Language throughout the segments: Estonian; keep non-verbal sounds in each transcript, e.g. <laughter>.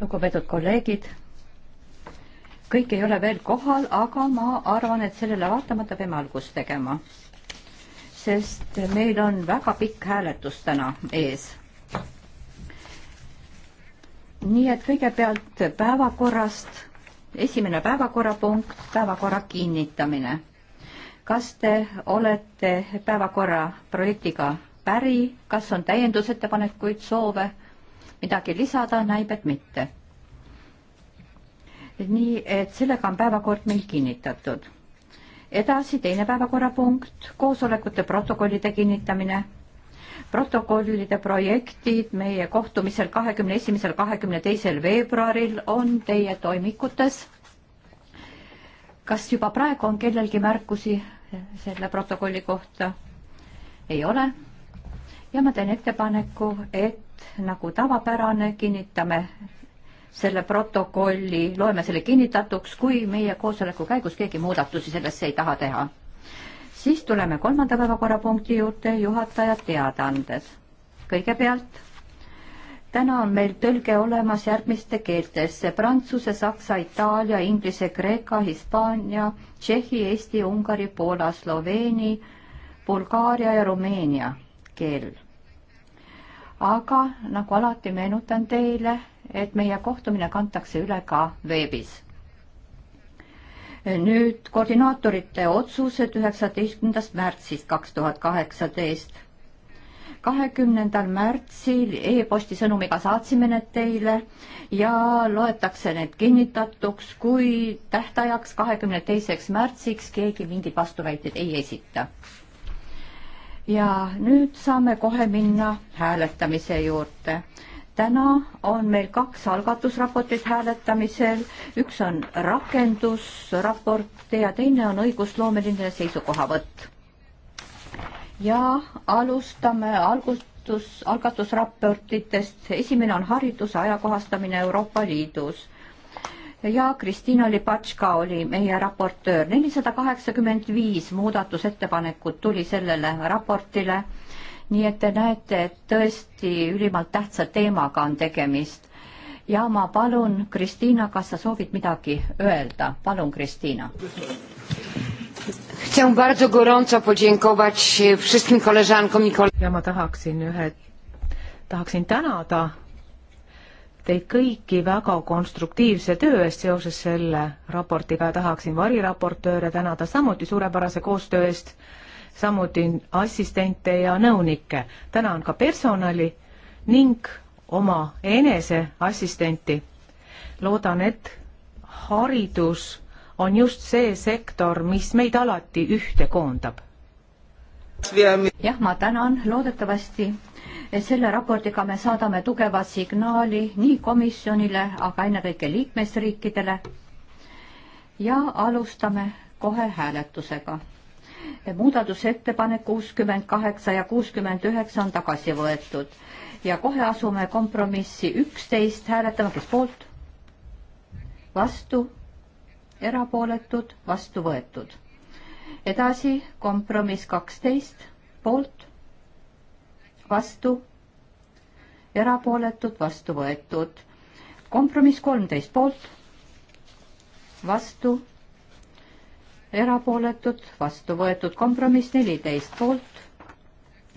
lugupeetud kolleegid, kõik ei ole veel kohal, aga ma arvan, et sellele vaatamata peame algust tegema. sest meil on väga pikk hääletus täna ees. nii et kõigepealt päevakorrast, esimene päevakorrapunkt, päevakorra kinnitamine. kas te olete päevakorra projektiga päri, kas on täiendusettepanekuid, soove? midagi lisada, näib, et mitte. nii et sellega on päevakord meil kinnitatud. edasi teine päevakorrapunkt, koosolekute protokollide kinnitamine. protokollide projektid meie kohtumisel kahekümne esimesel, kahekümne teisel veebruaril on teie toimikutes. kas juba praegu on kellelgi märkusi selle protokolli kohta? ei ole ja ma teen ettepaneku, et nagu tavapärane, kinnitame selle protokolli, loeme selle kinnitatuks, kui meie koosoleku käigus keegi muudatusi sellesse ei taha teha. siis tuleme kolmanda päevakorrapunkti juurde, juhataja teadaanded. kõigepealt täna on meil tõlge olemas järgmiste keeltesse prantsuse, saksa, itaalia, inglise, kreeka, hispaania, tšehhi, eesti, ungari, poola, sloveeni, bulgaaria ja rumeenia keel aga nagu alati meenutan teile, et meie kohtumine kantakse üle ka veebis. nüüd koordinaatorite otsused üheksateistkümnendast märtsist kaks tuhat kaheksateist. kahekümnendal märtsil e-posti sõnumiga saatsime need teile ja loetakse need kinnitatuks, kui tähtajaks kahekümne teiseks märtsiks keegi mingeid vastuväiteid ei esita ja nüüd saame kohe minna hääletamise juurde. täna on meil kaks algatusraportit hääletamisel, üks on rakendusraport ja teine on õigusloomeline seisukohavõtt. ja alustame algutus, algatusraportitest, esimene on hariduse ajakohastamine Euroopa Liidus ja Kristina Lipatška oli meie raportöör. nelisada kaheksakümmend viis muudatusettepanekut tuli sellele raportile. nii et te näete, et tõesti ülimalt tähtsa teemaga on tegemist. ja ma palun, Kristiina, kas sa soovid midagi öelda? palun, Kristiina. Chcę bardzo gorąco podziękować wszystkim koleżankom i kolegom. Ja ma tahaksin ühe, tahaksin tänada teid kõiki väga konstruktiivse töö eest seoses selle raportiga ja tahaksin variraportööre tänada samuti suurepärase koostöö eest, samuti assistente ja nõunikke. tänan ka personali ning oma enese assistenti. loodan, et haridus on just see sektor, mis meid alati ühte koondab. jah, ma tänan, loodetavasti selle raportiga me saadame tugeva signaali nii komisjonile, aga ennekõike liikmesriikidele. ja alustame kohe hääletusega. muudatusettepanek kuuskümmend kaheksa ja kuuskümmend üheksa on tagasi võetud ja kohe asume kompromissi üksteist hääletama, kes poolt, vastu, erapooletud, vastu võetud edasi kompromiss kaksteist, poolt, vastu, erapooletud, vastu võetud. kompromiss kolmteist poolt, vastu, erapooletud, vastu võetud. kompromiss neliteist poolt,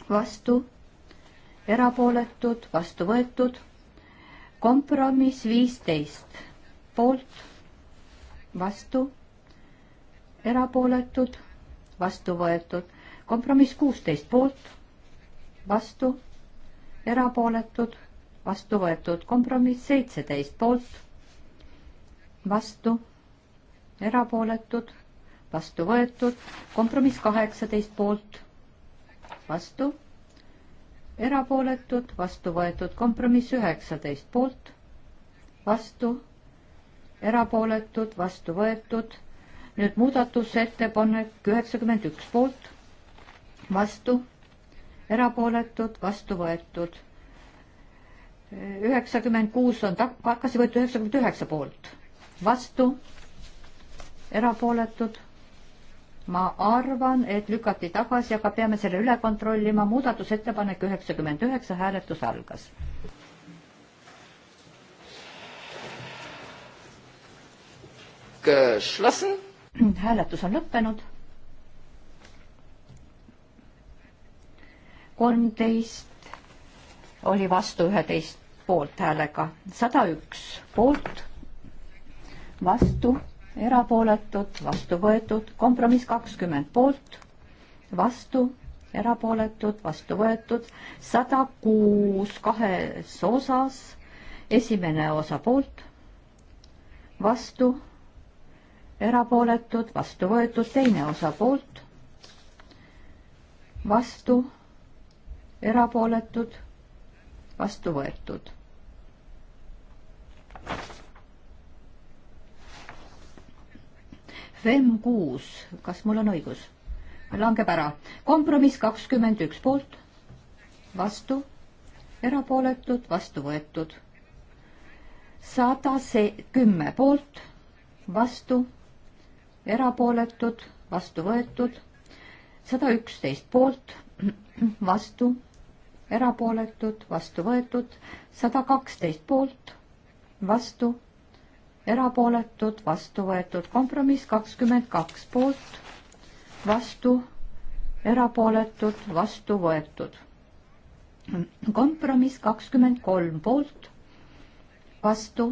vastu, erapooletud, vastu võetud. kompromiss viisteist poolt, vastu, erapooletud, vastu võetud. kompromiss kuusteist poolt vastu, erapooletud, vastu võetud. kompromiss seitseteist poolt, vastu, erapooletud, vastu võetud. kompromiss kaheksateist poolt, vastu, erapooletud, vastu võetud. kompromiss üheksateist poolt, vastu, erapooletud, vastu võetud nüüd muudatusettepanek üheksakümmend üks poolt, vastu, erapooletud, vastu võetud. üheksakümmend kuus on tak-, hakkasid võetud üheksakümmend üheksa poolt, vastu, erapooletud. ma arvan, et lükati tagasi, aga peame selle üle kontrollima, muudatusettepanek üheksakümmend üheksa, hääletus algas. hääletus on lõppenud kolmteist oli vastu üheteist poolthäälega, sada üks poolt, vastu, erapooletud, vastu võetud, kompromiss kakskümmend poolt, vastu, erapooletud, vastu võetud, sada kuus kahes osas, esimene osa poolt, vastu, erapooletud, vastu võetud, teine osa poolt, vastu erapooletud, vastu võetud. FEM kuus, kas mul on õigus? langeb ära. kompromiss kakskümmend üks poolt, vastu, erapooletud, vastu võetud. sada see kümme poolt, vastu, erapooletud, vastu võetud. sada üksteist poolt, <clears throat> vastu erapooletud, vastu võetud, sada kaksteist poolt, vastu, erapooletud, vastu võetud, kompromiss kakskümmend kaks poolt, vastu, erapooletud, vastu võetud. kompromiss kakskümmend kolm poolt, vastu,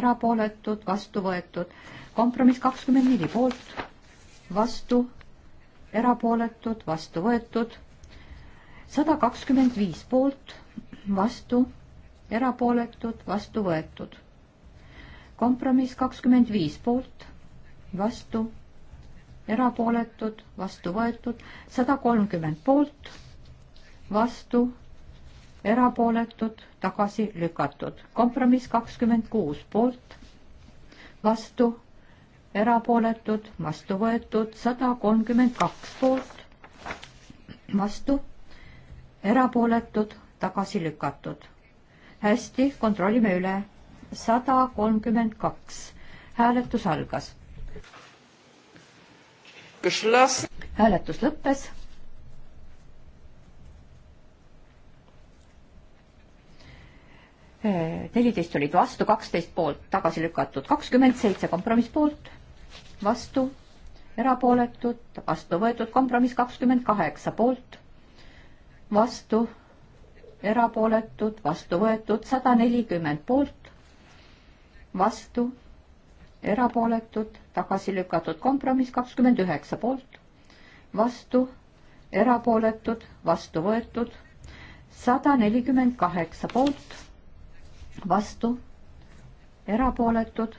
erapooletud, vastu võetud, kompromiss kakskümmend neli poolt, vastu, erapooletud, vastu võetud sada kakskümmend viis poolt, vastu, erapooletud, vastu võetud. kompromiss kakskümmend viis poolt, vastu, erapooletud, vastu võetud, sada kolmkümmend poolt, vastu, erapooletud, tagasi lükatud. kompromiss kakskümmend kuus poolt, vastu, erapooletud, vastu võetud, sada kolmkümmend kaks poolt, vastu erapooletud, tagasi lükatud. hästi, kontrollime üle. sada kolmkümmend kaks. hääletus algas. hääletus lõppes. neliteist olid vastu, kaksteist poolt, tagasi lükatud, kakskümmend seitse kompromiss poolt, vastu, erapooletud, vastu võetud kompromiss kakskümmend kaheksa poolt vastu, erapooletud, vastu võetud, sada nelikümmend poolt, vastu, erapooletud, tagasi lükatud, kompromiss kakskümmend üheksa poolt, vastu, erapooletud, vastu võetud, sada nelikümmend kaheksa poolt, vastu, erapooletud,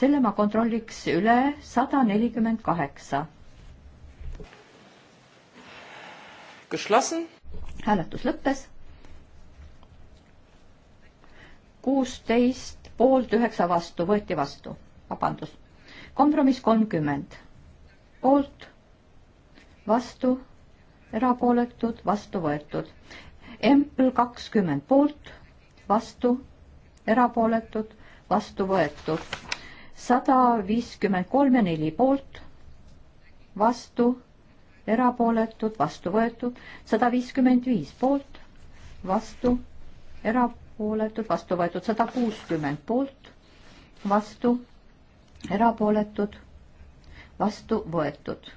selle ma kontrolliks üle, sada nelikümmend kaheksa hääletus lõppes. kuusteist poolt üheksa vastu, võeti vastu, vabandust. kompromiss kolmkümmend, poolt, vastu, erapooletud, vastu võetud. Empl kakskümmend poolt, vastu, erapooletud, vastu võetud. sada viiskümmend kolm ja neli poolt, vastu erapooletud, vastu võetud, sada viiskümmend viis poolt, vastu, erapooletud, vastu võetud, sada kuuskümmend poolt, vastu, erapooletud, vastu võetud.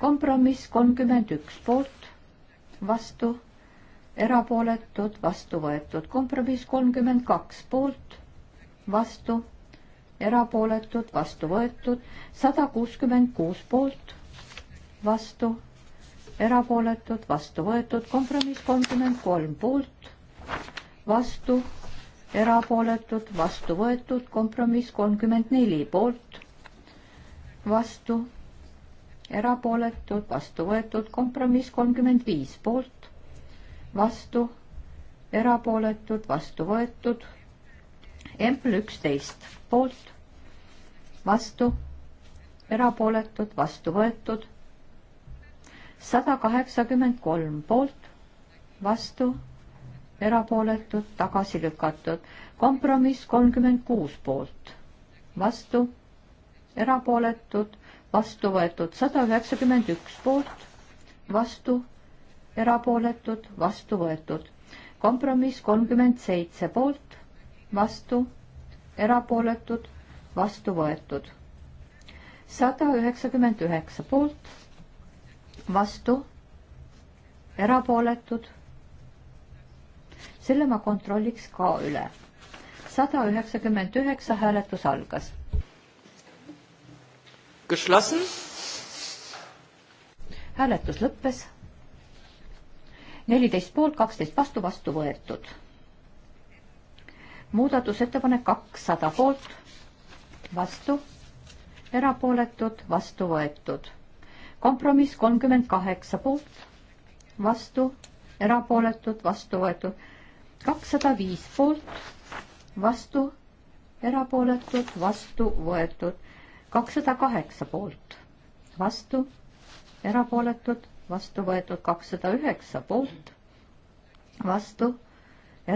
kompromiss kolmkümmend üks poolt, vastu, erapooletud, vastu võetud, kompromiss kolmkümmend kaks poolt, vastu, erapooletud, vastu võetud, sada kuuskümmend kuus poolt vastu, erapooletud, vastu võetud, kompromiss kolmkümmend kolm poolt, vastu, erapooletud, vastu võetud, kompromiss kolmkümmend neli poolt, vastu, erapooletud, vastu võetud, kompromiss kolmkümmend viis poolt, vastu, erapooletud, vastu võetud, Empl üksteist poolt, vastu, erapooletud, vastu võetud sada kaheksakümmend kolm poolt, vastu, erapooletud, tagasi lükatud. kompromiss kolmkümmend kuus poolt, vastu, erapooletud, vastu võetud sada üheksakümmend üks poolt, vastu, erapooletud, vastu võetud. kompromiss kolmkümmend seitse poolt, vastu, erapooletud, vastu võetud. sada üheksakümmend üheksa poolt vastu, erapooletud. selle ma kontrolliks ka üle. sada üheksakümmend üheksa hääletus algas. Geschlossen. hääletus lõppes. neliteist poolt, kaksteist vastu, vastu võetud. muudatusettepanek kakssada poolt, vastu, erapooletud, vastu võetud kompromiss kolmkümmend kaheksa poolt, vastu, erapooletud, vastu võetud. kakssada viis poolt, vastu, erapooletud, vastu võetud. kakssada kaheksa poolt, vastu, erapooletud, vastu võetud. kakssada üheksa poolt, vastu,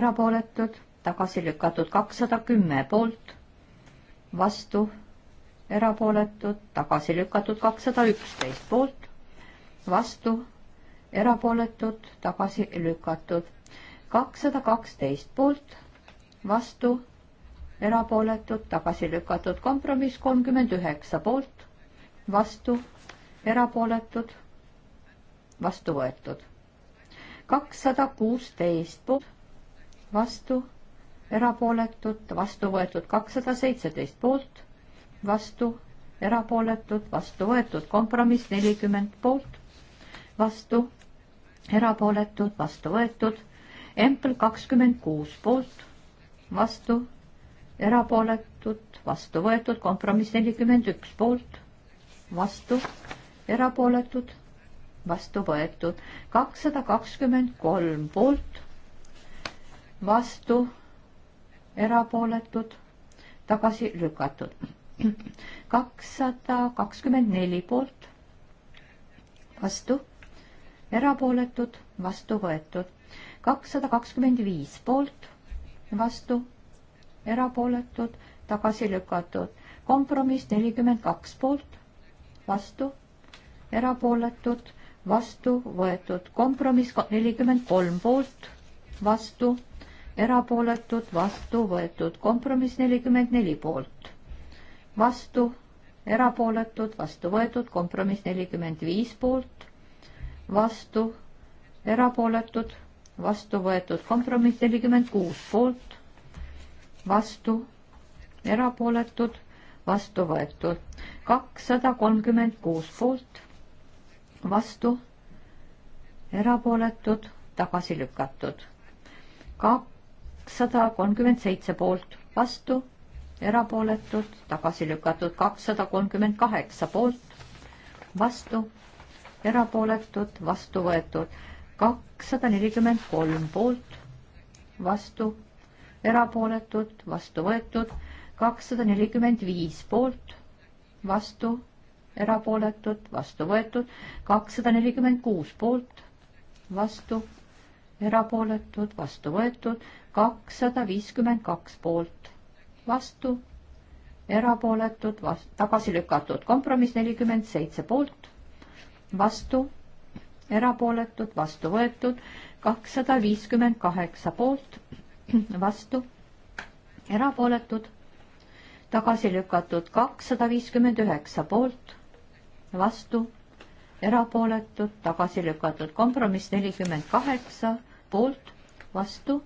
erapooletud, tagasi lükatud. kakssada kümme poolt, vastu erapooletud, tagasi lükatud kakssada üksteist poolt, vastu, erapooletud, tagasi lükatud kakssada kaksteist poolt, vastu, erapooletud, tagasi lükatud kompromiss kolmkümmend üheksa poolt, vastu, erapooletud, vastu võetud. kakssada kuusteist poolt, vastu, erapooletud, vastu võetud kakssada seitseteist poolt vastu, erapooletud, vastu võetud, kompromiss nelikümmend poolt, vastu, erapooletud, vastu võetud, Empel kakskümmend kuus poolt, vastu, erapooletud, vastu võetud, kompromiss nelikümmend üks poolt, vastu, erapooletud, vastu võetud, kakssada kakskümmend kolm poolt, vastu, erapooletud, tagasi lükatud kakssada kakskümmend neli poolt, vastu, erapooletud, vastu võetud. kakssada kakskümmend viis poolt, vastu, erapooletud, tagasi lükatud. kompromiss nelikümmend kaks poolt, vastu, erapooletud, vastu võetud. kompromiss nelikümmend kolm poolt, vastu, erapooletud, vastu võetud. kompromiss nelikümmend neli poolt vastu, erapooletud, vastu võetud, kompromiss nelikümmend viis poolt, vastu, erapooletud, vastu võetud, kompromiss nelikümmend kuus poolt, vastu, erapooletud, vastu võetud, kakssada kolmkümmend kuus poolt, vastu, erapooletud, tagasi lükatud, kakssada kolmkümmend seitse poolt, vastu erapooletud, tagasi lükatud kakssada kolmkümmend kaheksa poolt, vastu, erapooletud, vastu võetud kakssada nelikümmend kolm poolt, vastu, erapooletud, vastu võetud kakssada nelikümmend viis poolt, vastu, erapooletud, vastu võetud kakssada nelikümmend kuus poolt, vastu, erapooletud, vastu võetud kakssada viiskümmend kaks poolt vastu, erapooletud, vast-, tagasi lükatud. kompromiss nelikümmend seitse poolt, vastu, erapooletud, vastu võetud, kakssada viiskümmend kaheksa poolt, <clears throat> vastu, erapooletud, tagasi lükatud, kakssada viiskümmend üheksa poolt, vastu, erapooletud, tagasi lükatud. kompromiss nelikümmend kaheksa poolt, vastu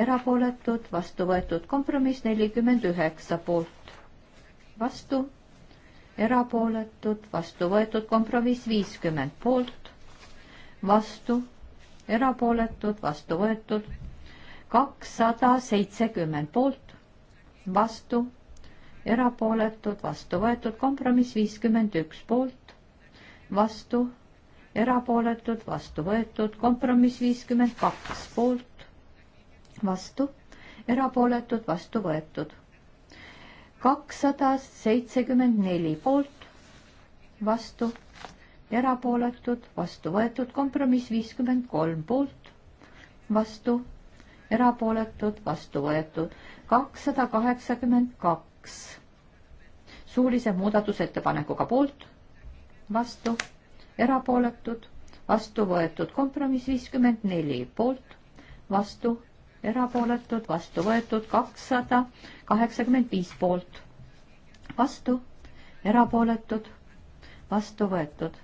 erapooletud, vastu võetud kompromiss nelikümmend üheksa poolt, vastu, erapooletud, vastu võetud kompromiss viiskümmend poolt, vastu, erapooletud, vastu võetud kakssada seitsekümmend poolt, vastu, erapooletud, vastu võetud kompromiss viiskümmend üks poolt, vastu, erapooletud, vastu võetud kompromiss viiskümmend kaks poolt, vastu, erapooletud, vastu võetud. kakssada seitsekümmend neli poolt, vastu, erapooletud, vastu võetud, kompromiss viiskümmend kolm poolt, vastu, erapooletud, vastu võetud, kakssada kaheksakümmend kaks suulise muudatusettepanekuga poolt, vastu, erapooletud, vastu võetud, kompromiss viiskümmend neli poolt, vastu erapooletud, vastu võetud kakssada kaheksakümmend viis poolt, vastu, erapooletud, vastu võetud.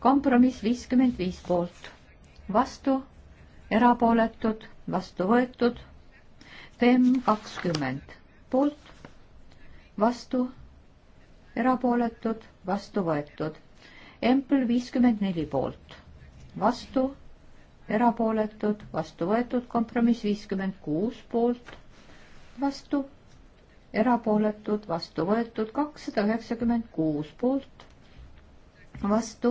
kompromiss viiskümmend viis poolt, vastu, erapooletud, vastu võetud, FEM kakskümmend poolt, vastu, erapooletud, vastu võetud. Empl viiskümmend neli poolt, vastu erapooletud, vastu võetud, kompromiss viiskümmend kuus poolt, vastu, erapooletud, vastu võetud, kakssada üheksakümmend kuus poolt, vastu,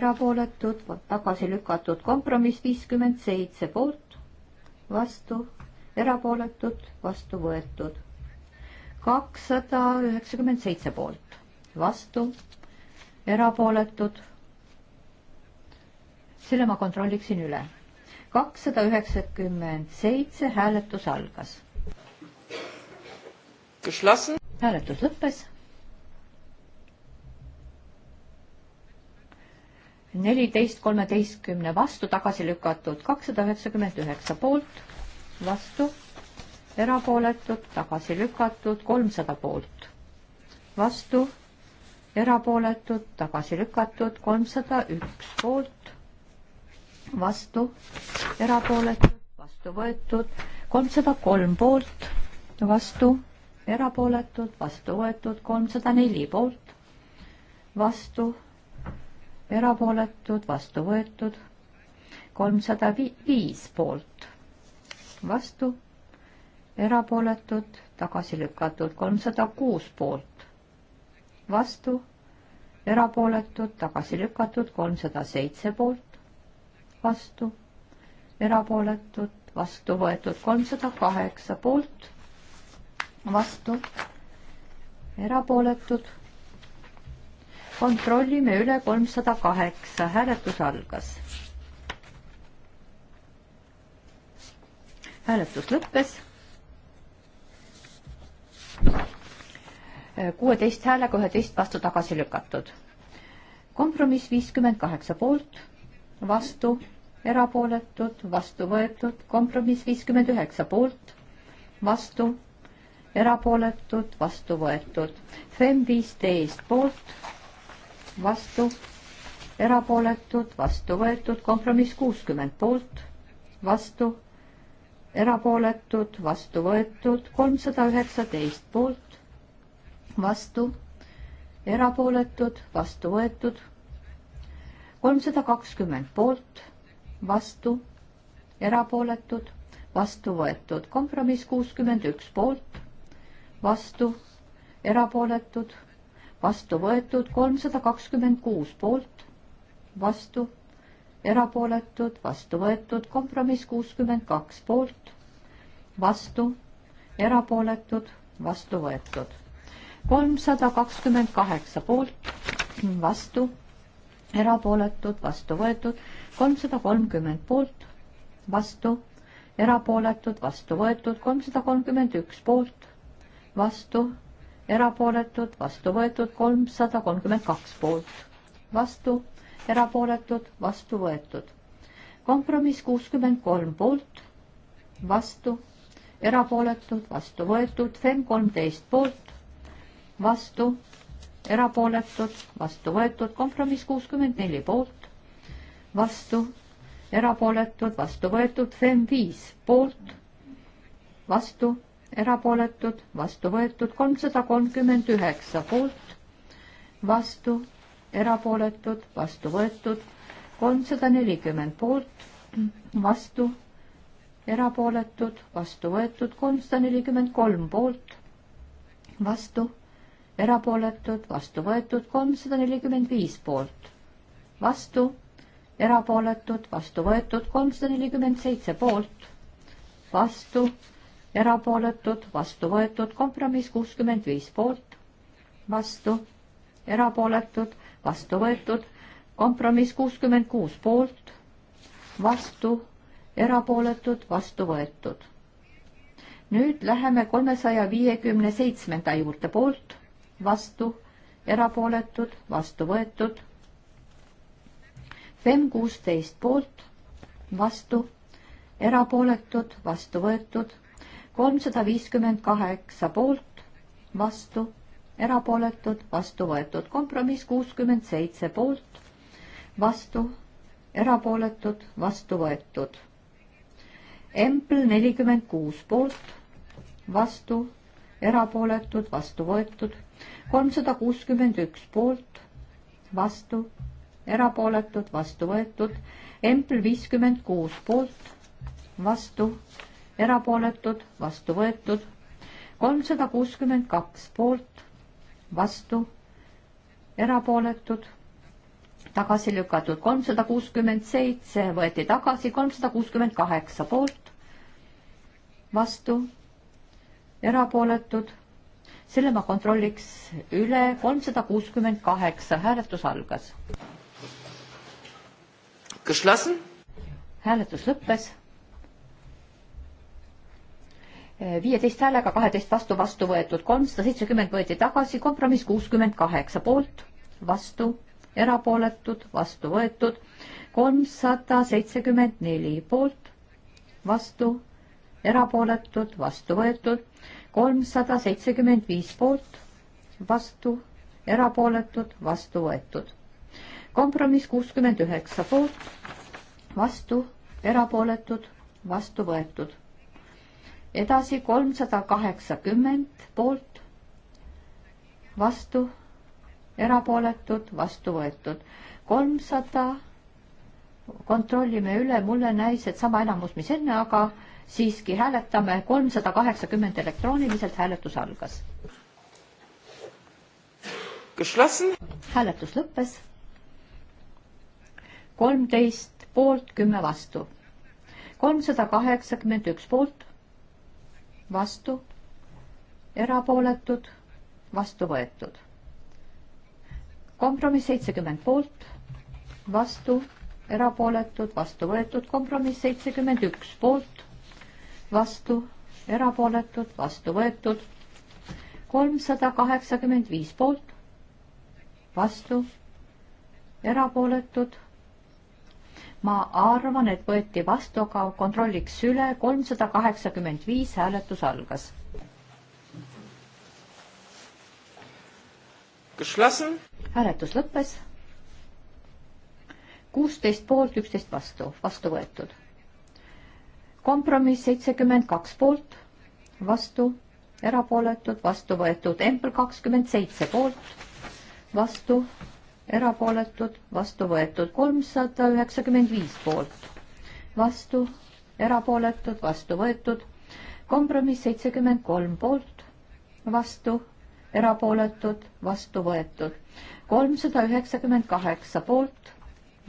erapooletud, tagasi lükatud, kompromiss viiskümmend seitse poolt, vastu, erapooletud, vastu võetud, kakssada üheksakümmend seitse poolt, vastu, erapooletud selle ma kontrolliksin üle. kakssada üheksakümmend seitse hääletus algas. hääletus lõppes. neliteist kolmeteistkümne vastu tagasi lükatud, kakssada üheksakümmend üheksa poolt, vastu, erapooletud, tagasi lükatud, kolmsada poolt, vastu, erapooletud, tagasi lükatud, kolmsada üks poolt, vastu, erapooletud, vastu võetud, kolmsada kolm poolt, vastu, erapooletud, vastu võetud, kolmsada neli poolt, vastu, erapooletud, vastu võetud, kolmsada viis poolt, vastu, erapooletud, tagasi lükatud, kolmsada kuus poolt, vastu, erapooletud, tagasi lükatud, kolmsada seitse poolt, vastu, erapooletud, vastu võetud kolmsada kaheksa poolt, vastu, erapooletud. kontrollime üle kolmsada kaheksa, hääletus algas. hääletus lõppes. kuueteist häälega üheteist vastu tagasi lükatud kompromiss viiskümmend kaheksa poolt, vastu erapooletud, vastu võetud, kompromiss viiskümmend üheksa poolt, vastu, erapooletud, vastu võetud. FEM viisteist poolt, vastu, erapooletud, vastu võetud, kompromiss kuuskümmend poolt, vastu, erapooletud, vastu võetud, kolmsada üheksateist poolt, vastu, erapooletud, vastu võetud, kolmsada kakskümmend poolt vastu, erapooletud, vastu võetud. kompromiss kuuskümmend üks poolt, vastu, erapooletud, vastu võetud. kolmsada kakskümmend kuus poolt, vastu, erapooletud, vastu võetud. kompromiss kuuskümmend kaks poolt, vastu, erapooletud, vastu võetud. kolmsada kakskümmend kaheksa poolt, vastu, erapooletud, vastu võetud kolmsada kolmkümmend poolt, vastu, erapooletud, vastu võetud, kolmsada kolmkümmend üks poolt, vastu, erapooletud, vastu võetud, kolmsada kolmkümmend kaks poolt, vastu, erapooletud, vastu võetud. kompromiss kuuskümmend kolm poolt, vastu, erapooletud, vastu võetud, FEM kolmteist poolt, vastu, erapooletud, vastu võetud, kompromiss kuuskümmend neli poolt, vastu, erapooletud, vastu võetud, FEM viis poolt, vastu, erapooletud, vastu võetud, kolmsada kolmkümmend üheksa poolt, vastu, erapooletud, vastu võetud, kolmsada nelikümmend poolt, vastu, erapooletud, vastu võetud, kolmsada nelikümmend kolm poolt, vastu erapooletud, vastu võetud kolmsada nelikümmend viis poolt, vastu erapooletud, vastu võetud, kolmsada nelikümmend seitse poolt, vastu, erapooletud, vastu võetud, kompromiss kuuskümmend viis poolt, vastu, erapooletud, vastu võetud, kompromiss kuuskümmend kuus poolt, vastu, erapooletud, vastu võetud. nüüd läheme kolmesaja viiekümne seitsmenda juurde poolt, vastu, erapooletud, vastu võetud FEM kuusteist poolt, vastu, erapooletud, vastu võetud, kolmsada viiskümmend kaheksa poolt, vastu, erapooletud, vastu võetud, kompromiss kuuskümmend seitse poolt, vastu, erapooletud, vastu võetud. Empl nelikümmend kuus poolt, vastu, erapooletud, vastu võetud, kolmsada kuuskümmend üks poolt, vastu, erapooletud, vastu võetud. Empl viiskümmend kuus poolt, vastu, erapooletud, vastu võetud. kolmsada kuuskümmend kaks poolt, vastu, erapooletud, tagasi lükatud. kolmsada kuuskümmend seitse võeti tagasi, kolmsada kuuskümmend kaheksa poolt, vastu, erapooletud. selle ma kontrolliks üle, kolmsada kuuskümmend kaheksa, hääletus algas hääletus lõppes. Äh, viieteist häälega, kaheteist vastu, vastu võetud kolmsada seitsekümmend võeti tagasi, kompromiss kuuskümmend kaheksa poolt, vastu, erapooletud, vastu võetud, kolmsada seitsekümmend neli poolt, vastu, erapooletud, vastu võetud, kolmsada seitsekümmend viis poolt, vastu, erapooletud, vastu võetud kompromiss kuuskümmend üheksa poolt, vastu, erapooletud, vastu võetud. edasi kolmsada kaheksakümmend poolt, vastu, erapooletud, vastu võetud. kolmsada, kontrollime üle, mulle näis, et sama enamus, mis enne, aga siiski hääletame, kolmsada kaheksakümmend elektrooniliselt hääletus algas. hääletus lõppes kolmteist poolt, kümme vastu. kolmsada kaheksakümmend üks poolt, vastu, erapooletud, vastu võetud. kompromiss seitsekümmend poolt, vastu, erapooletud, vastu võetud, kompromiss seitsekümmend üks poolt, vastu, erapooletud, vastu võetud, kolmsada kaheksakümmend viis poolt, vastu, erapooletud ma arvan, et võeti vastu, aga kontrolliks üle, kolmsada kaheksakümmend viis hääletus algas. hääletus lõppes. kuusteist poolt, üksteist vastu, vastu võetud. kompromiss seitsekümmend kaks poolt, vastu, erapooletud, vastu võetud, Empel kakskümmend seitse poolt, vastu erapooletud, vastu võetud kolmsada üheksakümmend viis poolt, vastu, erapooletud, vastu võetud, kompromiss seitsekümmend kolm poolt, vastu, erapooletud, vastu võetud, kolmsada üheksakümmend kaheksa poolt,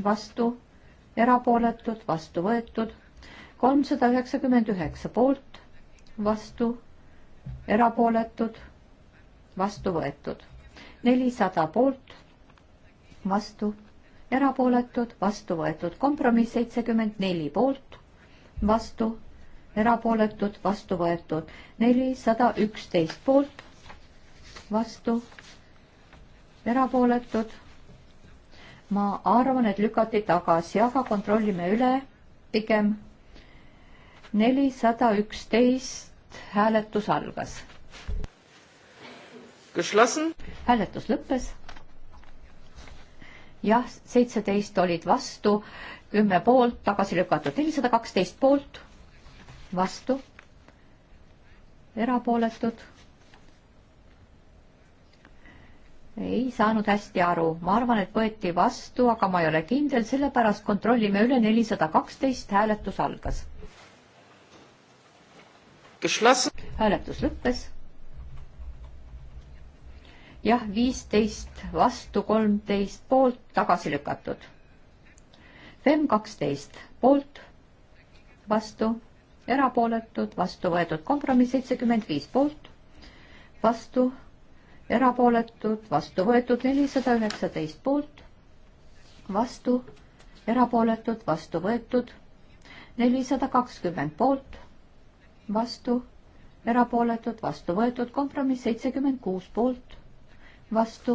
vastu, erapooletud, vastu võetud, kolmsada üheksakümmend üheksa poolt, vastu, erapooletud, vastu võetud, nelisada poolt vastu, erapooletud, vastu võetud. kompromiss seitsekümmend neli poolt, vastu, erapooletud, vastu võetud. nelisada üksteist poolt, vastu, erapooletud. ma arvan, et lükati tagasi, aga kontrollime üle pigem. nelisada üksteist hääletus algas. hääletus lõppes jah, seitseteist olid vastu, kümme poolt, tagasi lükatud, nelisada kaksteist poolt, vastu, erapooletud. ei saanud hästi aru, ma arvan, et võeti vastu, aga ma ei ole kindel, sellepärast kontrollime üle, nelisada kaksteist hääletus algas. hääletus lõppes jah, viisteist vastu, kolmteist poolt, tagasi lükatud. FEM kaksteist poolt, vastu, erapooletud, vastu võetud kompromiss seitsekümmend viis poolt, vastu, erapooletud, vastu võetud nelisada üheksateist poolt, vastu, erapooletud, vastu võetud nelisada kakskümmend poolt, vastu, erapooletud, vastu võetud kompromiss seitsekümmend kuus poolt, vastu,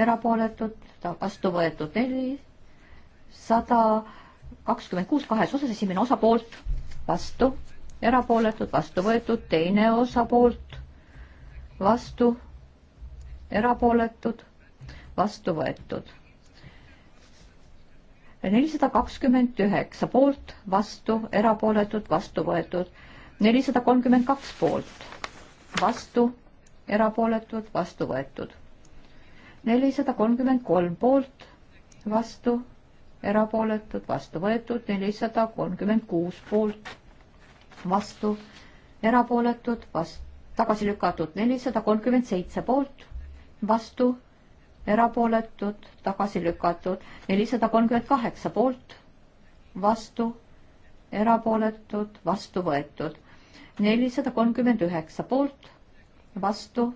erapooletud, vastu võetud neli, sada kakskümmend kuus kahes osas, esimene osa poolt, vastu, erapooletud, vastu võetud, teine osa poolt, vastu, erapooletud, vastu võetud. nelisada kakskümmend üheksa poolt, vastu, erapooletud, vastu võetud, nelisada kolmkümmend kaks poolt, vastu, erapooletud, vastu võetud nelisada kolmkümmend kolm poolt, vastu, erapooletud, vastu võetud, nelisada kolmkümmend kuus poolt, vastu, erapooletud, vast-, tagasi lükatud, nelisada kolmkümmend seitse poolt, vastu, erapooletud, tagasi lükatud, nelisada kolmkümmend kaheksa poolt, vastu, erapooletud, vastu võetud, nelisada kolmkümmend üheksa poolt, vastu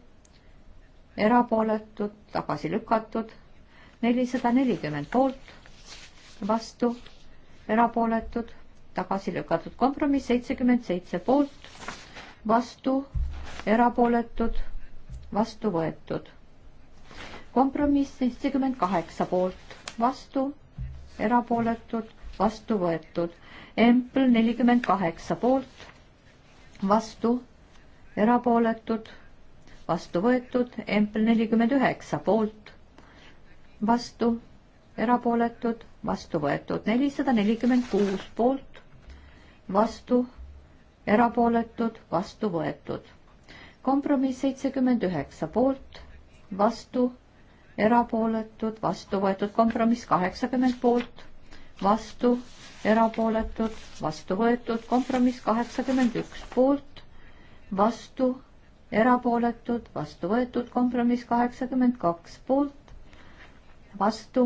erapooletud, tagasi lükatud, nelisada nelikümmend poolt, vastu, erapooletud, tagasi lükatud, kompromiss seitsekümmend seitse poolt, vastu, erapooletud, vastu võetud. kompromiss seitsekümmend kaheksa poolt, vastu, erapooletud, vastu võetud. Empl nelikümmend kaheksa poolt, vastu, erapooletud vastu võetud, Empel nelikümmend üheksa poolt, vastu, erapooletud, vastu võetud, nelisada nelikümmend kuus poolt, vastu, erapooletud, vastu võetud. kompromiss seitsekümmend üheksa poolt, vastu, erapooletud, vastu võetud, kompromiss kaheksakümmend poolt, vastu, erapooletud, vastu võetud, kompromiss kaheksakümmend üks poolt, vastu erapooletud, vastu võetud, kompromiss kaheksakümmend kaks poolt, vastu,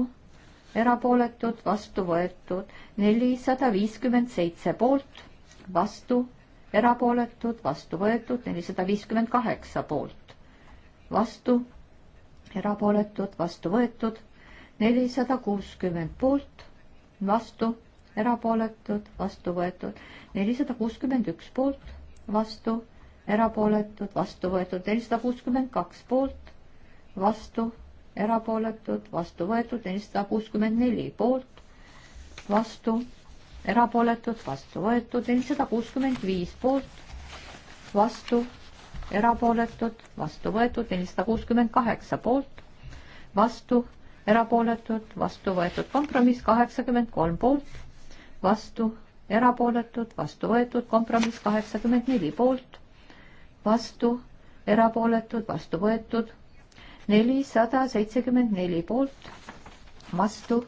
erapooletud, vastu võetud, nelisada viiskümmend seitse poolt, vastu, erapooletud, vastu võetud, nelisada viiskümmend kaheksa poolt, vastu, erapooletud, vastu võetud, nelisada kuuskümmend poolt, vastu, erapooletud, vastu võetud, nelisada kuuskümmend üks poolt, vastu erapooletud, vastu võetud nelisada kuuskümmend kaks poolt, vastu, erapooletud, vastu võetud nelisada kuuskümmend neli poolt, vastu, erapooletud, vastu võetud nelisada kuuskümmend viis poolt, vastu, erapooletud, vastu võetud nelisada kuuskümmend kaheksa poolt, vastu, erapooletud, vastu võetud kompromiss kaheksakümmend kolm poolt, vastu, erapooletud, vastu võetud kompromiss kaheksakümmend neli poolt vastu, erapooletud, vastu võetud. nelisada seitsekümmend neli poolt, vastu,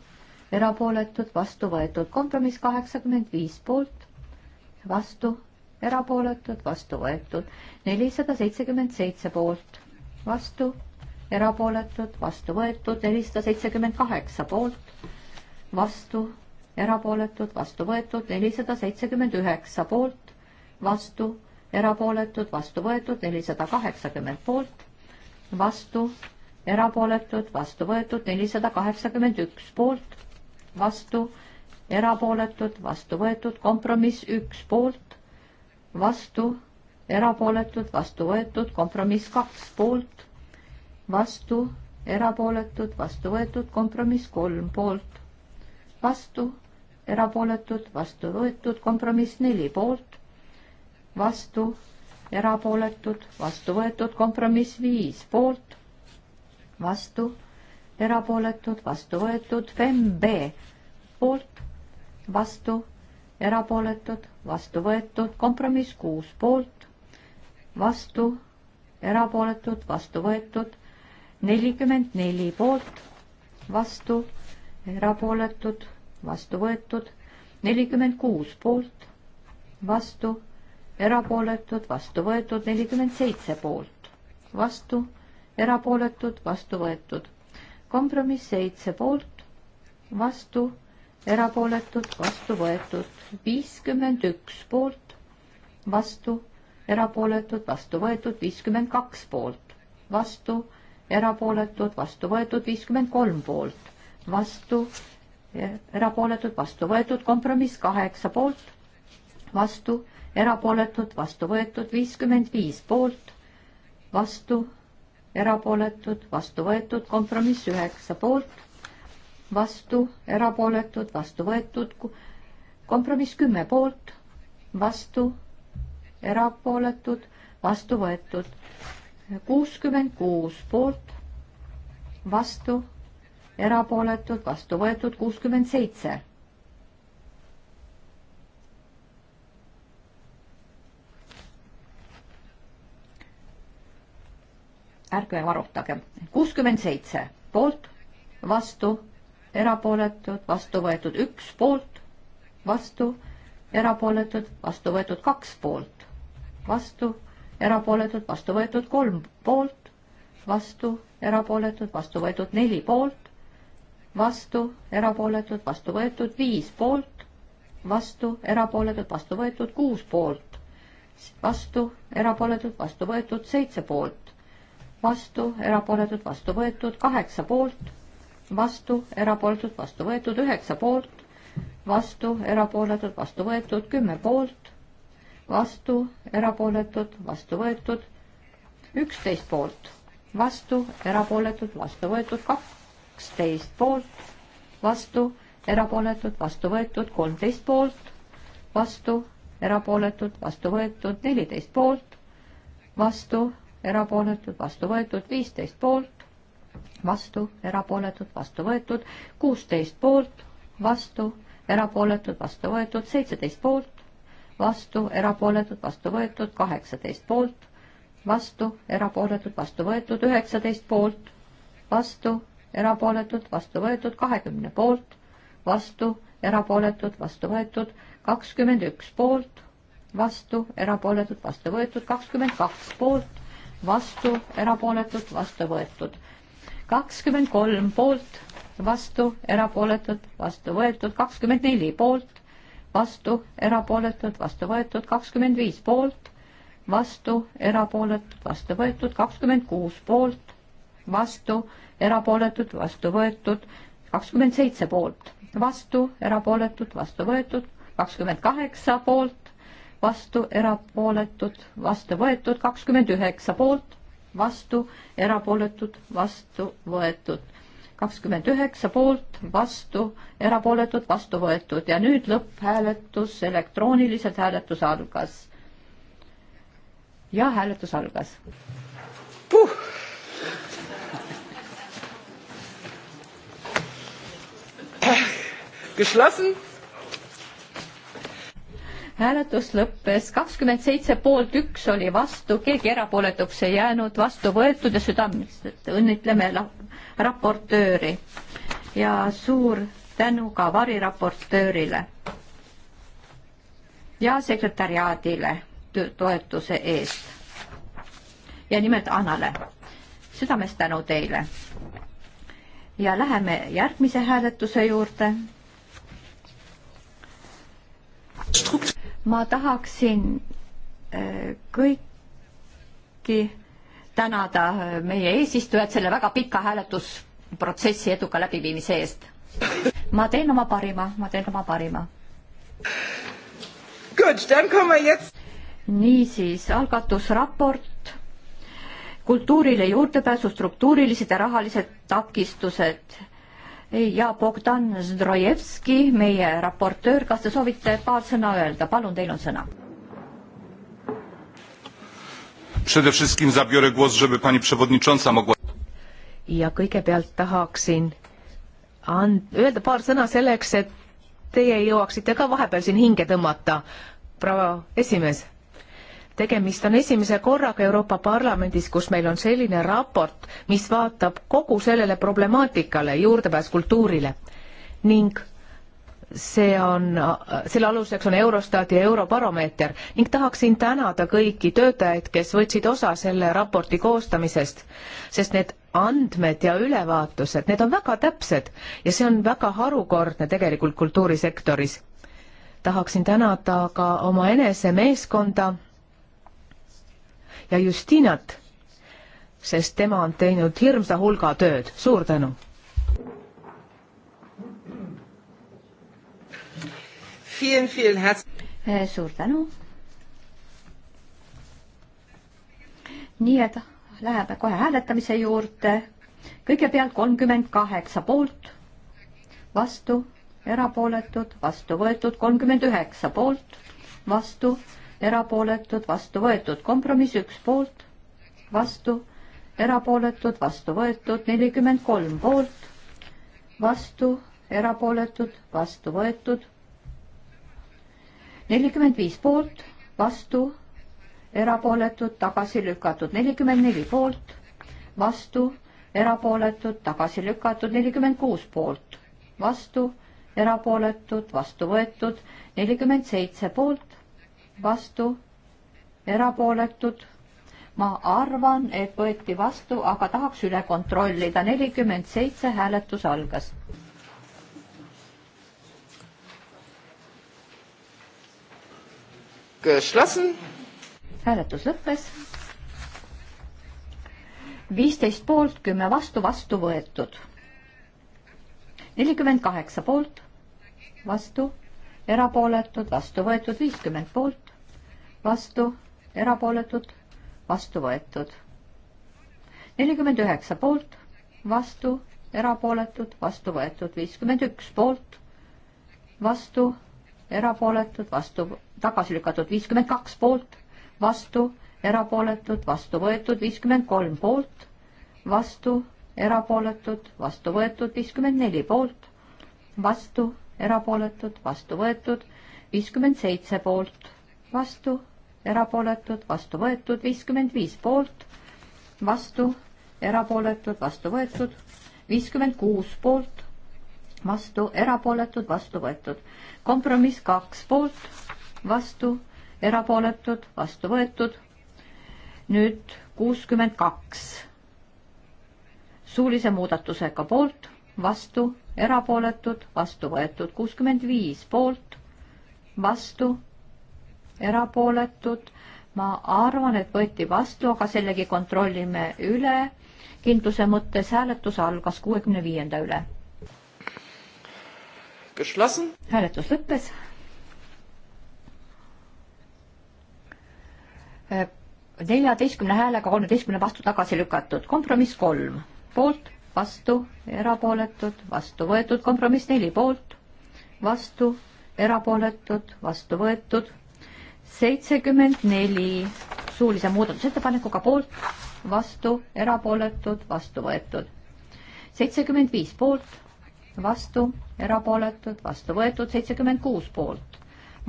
erapooletud, vastu võetud. kompromiss kaheksakümmend viis poolt, vastu, erapooletud, vastu võetud. nelisada seitsekümmend seitse poolt, vastu, erapooletud, vastu võetud. nelisada seitsekümmend kaheksa poolt, vastu, erapooletud, vastu võetud. nelisada seitsekümmend üheksa poolt, vastu erapooletud, vastu võetud, nelisada kaheksakümmend poolt, vastu, erapooletud, vastu võetud, nelisada kaheksakümmend üks poolt, vastu, erapooletud, vastu võetud, kompromiss üks poolt, vastu, erapooletud, vastu võetud, kompromiss kaks poolt, vastu, erapooletud, vastu võetud, kompromiss kolm poolt, vastu, erapooletud, vastu võetud, kompromiss neli poolt, vastu, erapooletud, vastu võetud, kompromiss viis poolt, vastu, erapooletud, vastu võetud, FEMB poolt, vastu, erapooletud, vastu võetud, kompromiss kuus poolt, vastu, erapooletud, vastu võetud, nelikümmend neli poolt, vastu, erapooletud, vastu võetud, nelikümmend kuus poolt, vastu erapooletud, vastu võetud, nelikümmend seitse poolt, vastu, erapooletud, vastu võetud. kompromiss seitse poolt, vastu, erapooletud, vastu võetud, viiskümmend üks poolt, vastu, erapooletud, vastu võetud, viiskümmend kaks poolt, vastu, erapooletud, vastu võetud, viiskümmend kolm poolt, vastu, erapooletud, vastu võetud, kompromiss kaheksa poolt, vastu erapooletud, vastu võetud, viiskümmend viis poolt, vastu, erapooletud, vastu võetud, kompromiss üheksa poolt, vastu, erapooletud, vastu võetud, kompromiss kümme poolt, vastu, erapooletud, vastu võetud, kuuskümmend kuus poolt, vastu, erapooletud, vastu võetud, kuuskümmend seitse ärgem arutagem. kuuskümmend seitse poolt, vastu, erapooletud, vastu võetud üks poolt, vastu, erapooletud, vastu võetud kaks poolt, vastu, erapooletud, vastu võetud kolm poolt, vastu, erapooletud, vastu võetud neli poolt, vastu, erapooletud, vastu võetud viis poolt, vastu, erapooletud, vastu võetud kuus poolt, vastu, erapooletud, vastu võetud seitse poolt, vastu, erapooletud, vastu võetud, kaheksa poolt, vastu, erapooletud, vastu võetud, üheksa poolt, vastu, erapooletud, vastu võetud, kümme poolt, vastu, erapooletud, vastu võetud, üksteist poolt, vastu, erapooletud, vastu võetud, kaksteist poolt, vastu, erapooletud, vastu võetud, kolmteist poolt, vastu, erapooletud, vastu võetud, neliteist poolt, vastu, erapooletud, vastu võetud, viisteist poolt, vastu, erapooletud, vastu võetud, kuusteist poolt, vastu, erapooletud, vastu võetud, seitseteist poolt, vastu, erapooletud, vastu võetud, kaheksateist poolt, vastu, erapooletud, vastu võetud, üheksateist poolt, vastu, erapooletud, vastu võetud, kahekümne poolt, vastu, erapooletud, vastu võetud, kakskümmend üks poolt, vastu, erapooletud, vastu võetud, kakskümmend kaks poolt, vastu, erapooletud, vastu võetud. kakskümmend kolm poolt, vastu, erapooletud, vastu võetud, kakskümmend neli poolt, vastu, erapooletud, vastu võetud, kakskümmend viis poolt, vastu, erapooletud, vastu võetud, kakskümmend kuus poolt, vastu, erapooletud, vastu võetud, kakskümmend seitse poolt, vastu, erapooletud, vastu võetud, kakskümmend kaheksa poolt, vastu erapooletud, vastu võetud, kakskümmend üheksa poolt, vastu erapooletud, vastu võetud, kakskümmend üheksa poolt, vastu erapooletud, vastu võetud ja nüüd lõpphääletus, elektrooniliselt hääletus algas. ja hääletus algas. Puh. Äh, geschlossen hääletus lõppes kakskümmend seitse poolt, üks oli vastu, keegi erapooletuks ei jäänud, vastu võetud ja südamest õnnitleme raportööri ja suur tänu ka variraportöörile ja sekretariaadile toetuse eest. ja nimelt Annale, südamest tänu teile. ja läheme järgmise hääletuse juurde ma tahaksin äh, kõiki tänada äh, meie eesistujat selle väga pika hääletusprotsessi eduka läbiviimise eest. ma teen oma parima, ma teen oma parima. niisiis, algatusraport kultuurile juurdepääsu struktuurilised ja rahalised takistused ja Bogdan Zdrojevski, meie raportöör, kas te soovite paar sõna öelda, palun, teil on sõna. ja kõigepealt tahaksin and-, öelda paar sõna selleks, et teie jõuaksite ka vahepeal siin hinge tõmmata, proua esimees tegemist on esimese korraga Euroopa Parlamendis, kus meil on selline raport, mis vaatab kogu sellele problemaatikale, juurdepääs kultuurile ning see on, selle aluseks on Eurostat ja Eurobaromeeter ning tahaksin tänada kõiki töötajaid, kes võtsid osa selle raporti koostamisest, sest need andmed ja ülevaatused, need on väga täpsed ja see on väga harukordne tegelikult kultuurisektoris. tahaksin tänada ka omaenese meeskonda ja Justinat, sest tema on teinud hirmsa hulga tööd. suur tänu! Eh, suur tänu! nii et läheme kohe hääletamise juurde. kõigepealt kolmkümmend kaheksa poolt, vastu, erapooletud, vastu võetud, kolmkümmend üheksa poolt, vastu erapooletud, vastu võetud, kompromiss üks poolt, vastu, erapooletud, vastu võetud, nelikümmend kolm poolt, vastu, erapooletud, vastu võetud, nelikümmend viis poolt, vastu, erapooletud, tagasi lükatud, nelikümmend neli poolt, vastu, erapooletud, tagasi lükatud, nelikümmend kuus poolt, vastu, erapooletud, vastu võetud, nelikümmend seitse poolt, vastu, erapooletud. ma arvan, et võeti vastu, aga tahaks üle kontrollida. nelikümmend seitse hääletus algas. Geschlossen. hääletus lõppes. viisteist poolt, kümme vastu, vastu võetud. nelikümmend kaheksa poolt, vastu erapooletud, vastu võetud viiskümmend poolt, vastu, erapooletud, vastu võetud. nelikümmend üheksa poolt, vastu, erapooletud, vastu võetud, viiskümmend üks poolt, vastu, erapooletud, vastu, tagasi lükatud, viiskümmend kaks poolt, vastu, erapooletud, vastu võetud, viiskümmend kolm poolt, vastu, erapooletud, vastu võetud, viiskümmend neli poolt, vastu, erapooletud, vastu võetud, viiskümmend seitse poolt, vastu, erapooletud, vastu võetud, viiskümmend viis poolt, vastu, erapooletud, vastu võetud, viiskümmend kuus poolt, vastu, erapooletud, vastu võetud. kompromiss kaks poolt, vastu, erapooletud, vastu võetud. nüüd kuuskümmend kaks suulise muudatusega poolt, vastu, erapooletud, vastu võetud, kuuskümmend viis poolt, vastu, erapooletud. ma arvan, et võeti vastu, aga sellegi kontrollime üle. kindluse mõttes hääletus algas kuuekümne viienda üle. hääletus lõppes. Äh, neljateistkümne häälega kolmeteistkümne vastu tagasi lükatud, kompromiss kolm, poolt, vastu, erapooletud, vastu võetud, kompromiss neli poolt, vastu, erapooletud, vastu võetud seitsekümmend neli suulise muudatusettepanekuga poolt, vastu, erapooletud, vastu võetud. seitsekümmend viis poolt, vastu, erapooletud, vastu võetud, seitsekümmend kuus poolt,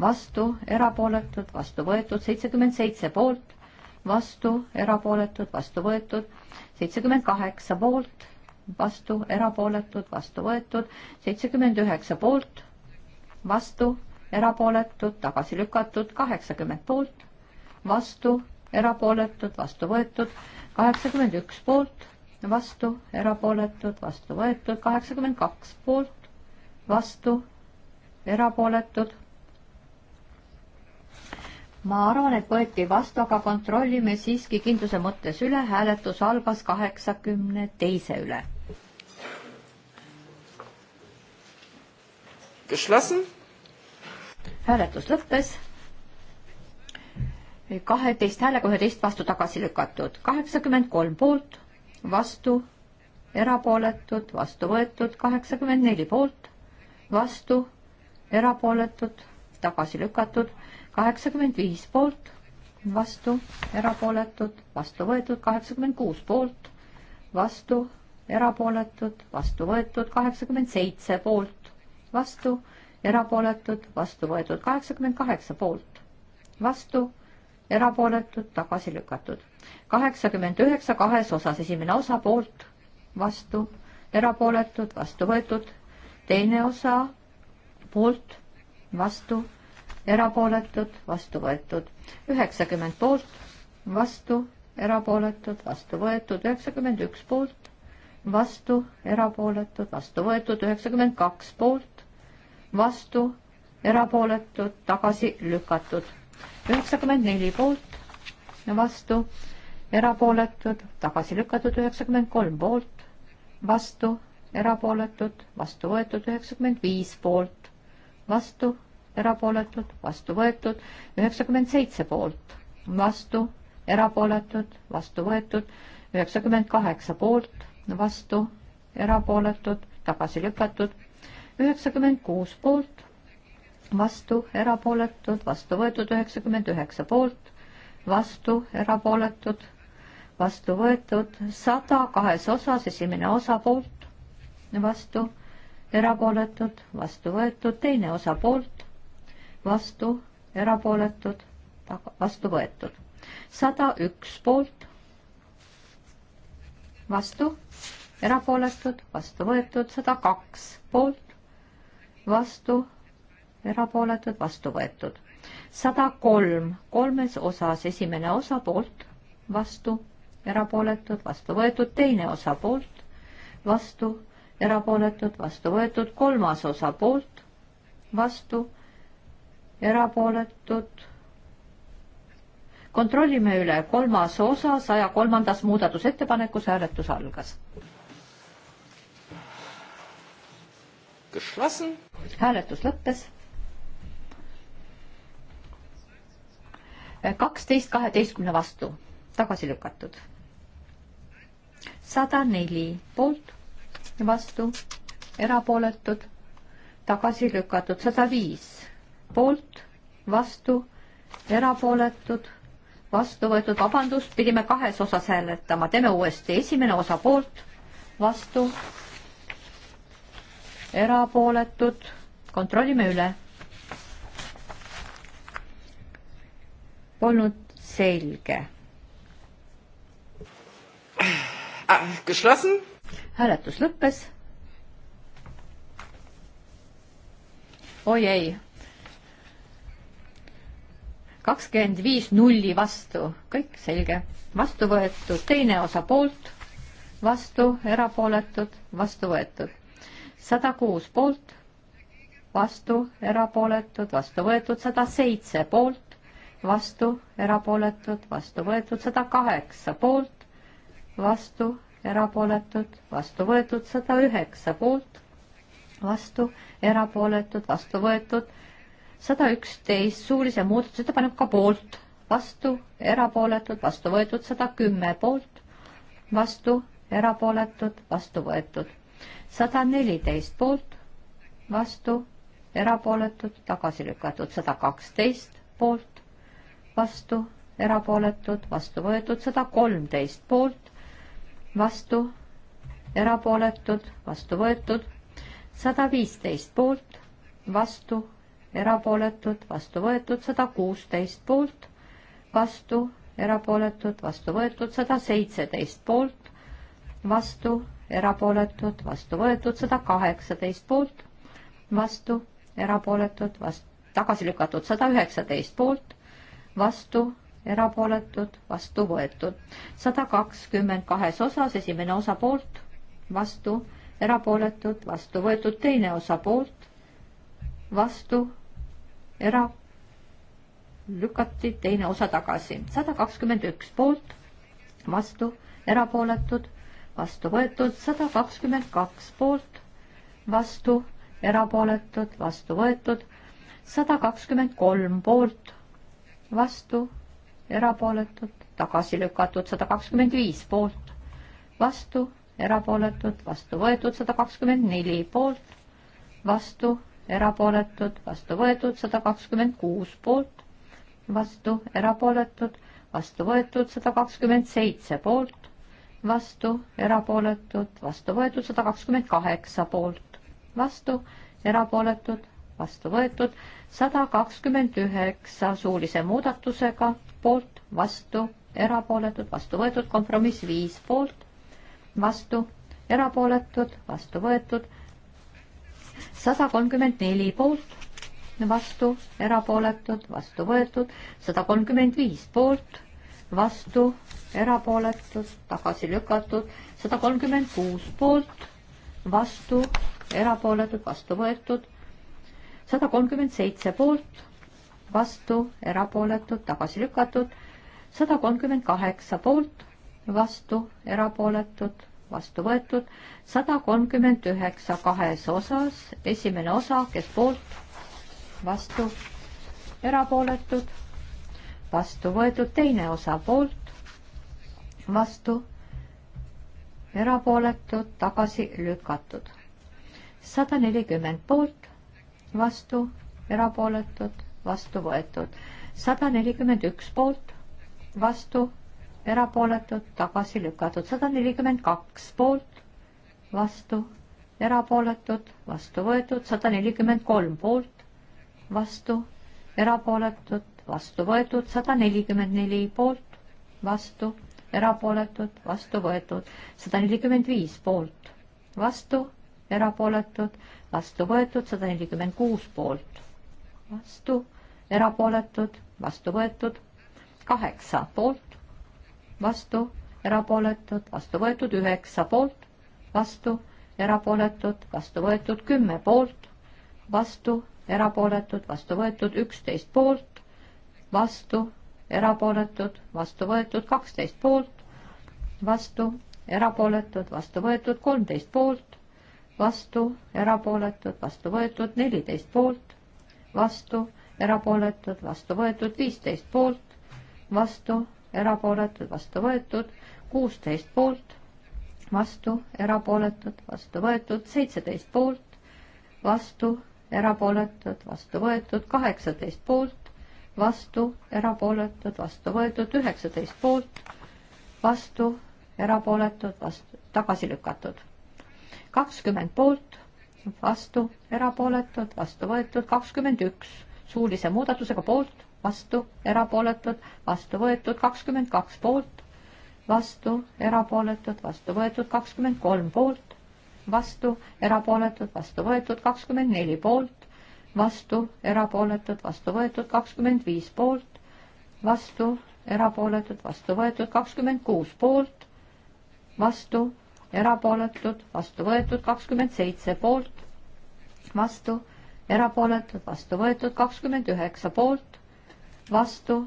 vastu, erapooletud, vastu võetud, seitsekümmend seitse poolt, vastu, erapooletud, vastu võetud, seitsekümmend kaheksa poolt, vastu, erapooletud, vastu võetud, seitsekümmend üheksa poolt, vastu, erapooletud, tagasi lükatud, kaheksakümmend poolt, vastu, erapooletud, vastu võetud, kaheksakümmend üks poolt, vastu, erapooletud, vastu võetud, kaheksakümmend kaks poolt, vastu, erapooletud. ma arvan, et võeti vastu, aga kontrollime siiski kindluse mõttes üle, hääletus algas kaheksakümne teise üle. Geschlossen hääletus lõppes. kaheteist häälega üheteist vastu tagasi lükatud, kaheksakümmend kolm poolt, vastu, erapooletud, vastu võetud, kaheksakümmend neli poolt, vastu, erapooletud, tagasi lükatud, kaheksakümmend viis poolt, vastu, erapooletud, vastu võetud, kaheksakümmend kuus poolt, vastu, erapooletud, vastu võetud, kaheksakümmend seitse poolt, vastu erapooletud, vastu võetud kaheksakümmend kaheksa poolt, vastu, erapooletud, tagasi lükatud. kaheksakümmend üheksa kahes osas, esimene osa poolt, vastu, erapooletud, vastu võetud, teine osa poolt, vastu, erapooletud, vastu võetud. üheksakümmend poolt, vastu, erapooletud, vastu võetud, üheksakümmend üks poolt, vastu, erapooletud, vastu võetud, üheksakümmend kaks poolt, vastu, erapooletud, tagasi lükatud. üheksakümmend neli poolt, vastu, erapooletud, tagasi lükatud, üheksakümmend kolm poolt, vastu, erapooletud, vastu võetud, üheksakümmend viis poolt, vastu, erapooletud, vastu võetud, üheksakümmend seitse poolt, vastu, erapooletud, vastu võetud, üheksakümmend kaheksa poolt, vastu, erapooletud, tagasi lükatud üheksakümmend kuus poolt, vastu, erapooletud, vastu võetud üheksakümmend üheksa poolt, vastu, erapooletud, vastu võetud sada kahes osas, esimene osa poolt, vastu, erapooletud, vastu võetud, teine osa poolt, vastu, erapooletud, vastu võetud. sada üks poolt, vastu, erapooletud, vastu võetud, sada kaks poolt, vastu, erapooletud, vastu võetud. sada kolm, kolmes osas, esimene osa poolt, vastu, erapooletud, vastu võetud, teine osa poolt, vastu, erapooletud, vastu võetud, kolmas osa poolt, vastu, erapooletud. kontrollime üle, kolmas osa saja kolmandas muudatusettepanekus hääletus algas hääletus lõppes. kaksteist kaheteistkümne vastu, tagasi lükatud. sada neli poolt, vastu, erapooletud, tagasi lükatud, sada viis poolt, vastu, erapooletud, vastu võetud, vabandust, pidime kahes osas hääletama, teeme uuesti, esimene osa poolt, vastu erapooletud, kontrollime üle. Polnud selge. Ah, geschlossen. hääletus lõppes. oi ei. kakskümmend viis nulli vastu, kõik selge, vastu võetud, teine osa poolt, vastu, erapooletud, vastu võetud sada kuus poolt, vastu, erapooletud, vastu võetud sada seitse poolt, vastu, erapooletud, vastu võetud sada kaheksa poolt, vastu, erapooletud, vastu võetud sada üheksa poolt, vastu, erapooletud, vastu võetud sada üksteist, suulise muudatusettepaneku ka poolt, vastu, erapooletud, vastu võetud sada kümme poolt, vastu, erapooletud, vastu võetud sada neliteist poolt, vastu, erapooletud, tagasi lükatud, sada kaksteist poolt, vastu, erapooletud, vastu võetud, sada kolmteist poolt, vastu, erapooletud, vastu võetud, sada viisteist poolt, vastu, erapooletud, vastu võetud, sada kuusteist poolt, vastu, erapooletud, vastu võetud, sada seitseteist poolt, vastu, erapooletud, vastu võetud, sada kaheksateist poolt, vastu, erapooletud, vast-, tagasi lükatud, sada üheksateist poolt, vastu, erapooletud, vastu võetud, sada kakskümmend kahes osas, esimene osa poolt, vastu, erapooletud, vastu võetud, teine osa poolt, vastu, era-, lükati teine osa tagasi, sada kakskümmend üks poolt, vastu, erapooletud vastu võetud, sada kakskümmend kaks poolt, vastu erapooletud, vastu võetud, sada kakskümmend kolm poolt, vastu erapooletud, tagasi lükatud, sada kakskümmend viis poolt, vastu erapooletud, vastu võetud, sada kakskümmend neli poolt, vastu erapooletud, vastu võetud, sada kakskümmend kuus poolt, vastu erapooletud, vastu võetud, sada kakskümmend seitse poolt, vastu, erapooletud, vastu võetud, sada kakskümmend kaheksa poolt, vastu, erapooletud, vastu võetud, sada kakskümmend üheksa suulise muudatusega, poolt, vastu, erapooletud, vastu võetud, kompromiss viis poolt, vastu, erapooletud, vastu võetud, sada kolmkümmend neli poolt, vastu, erapooletud, vastu võetud, sada kolmkümmend viis poolt vastu, erapooletud, tagasi lükatud, sada kolmkümmend kuus poolt, vastu, erapooletud, vastu võetud, sada kolmkümmend seitse poolt, vastu, erapooletud, tagasi lükatud, sada kolmkümmend kaheksa poolt, vastu, erapooletud, vastu võetud, sada kolmkümmend üheksa kahes osas, esimene osa, kes poolt, vastu, erapooletud vastu võetud, teine osa poolt, vastu, erapooletud, tagasi lükatud. sada nelikümmend poolt, vastu, erapooletud, vastu võetud. sada nelikümmend üks poolt, vastu, erapooletud, tagasi lükatud. sada nelikümmend kaks poolt, vastu, erapooletud, vastu võetud. sada nelikümmend kolm poolt, vastu, erapooletud, vastu võetud, sada nelikümmend neli poolt, vastu, erapooletud, vastu võetud, sada nelikümmend viis poolt, vastu, erapooletud, vastu võetud, sada nelikümmend kuus poolt, vastu, erapooletud, vastu võetud, kaheksa poolt, vastu, erapooletud, vastu võetud, üheksa poolt, vastu, erapooletud, vastu võetud, kümme poolt, vastu, erapooletud, vastu võetud, üksteist poolt, vastu, erapooletud, vastu võetud, kaksteist poolt, vastu, erapooletud, vastu võetud, kolmteist poolt, vastu, erapooletud, vastu võetud, neliteist poolt, vastu, erapooletud, vastu võetud, viisteist poolt, vastu, erapooletud, vastu võetud, kuusteist poolt, vastu, erapooletud, vastu võetud, seitseteist poolt, vastu, erapooletud, vastu võetud, kaheksateist poolt, vastu, erapooletud, vastu võetud, üheksateist poolt, vastu, erapooletud, vastu, tagasi lükatud. kakskümmend poolt, vastu, erapooletud, vastu võetud, kakskümmend üks suulise muudatusega poolt, vastu, erapooletud, vastu võetud, kakskümmend kaks poolt, vastu, erapooletud, vastu võetud, kakskümmend kolm poolt, vastu, erapooletud, vastu võetud, kakskümmend neli poolt, vastu, erapooletud, vastu võetud kakskümmend viis poolt, vastu, erapooletud, vastu võetud kakskümmend kuus poolt, vastu, erapooletud, vastu võetud kakskümmend seitse poolt, vastu, erapooletud, vastu võetud kakskümmend üheksa poolt, vastu,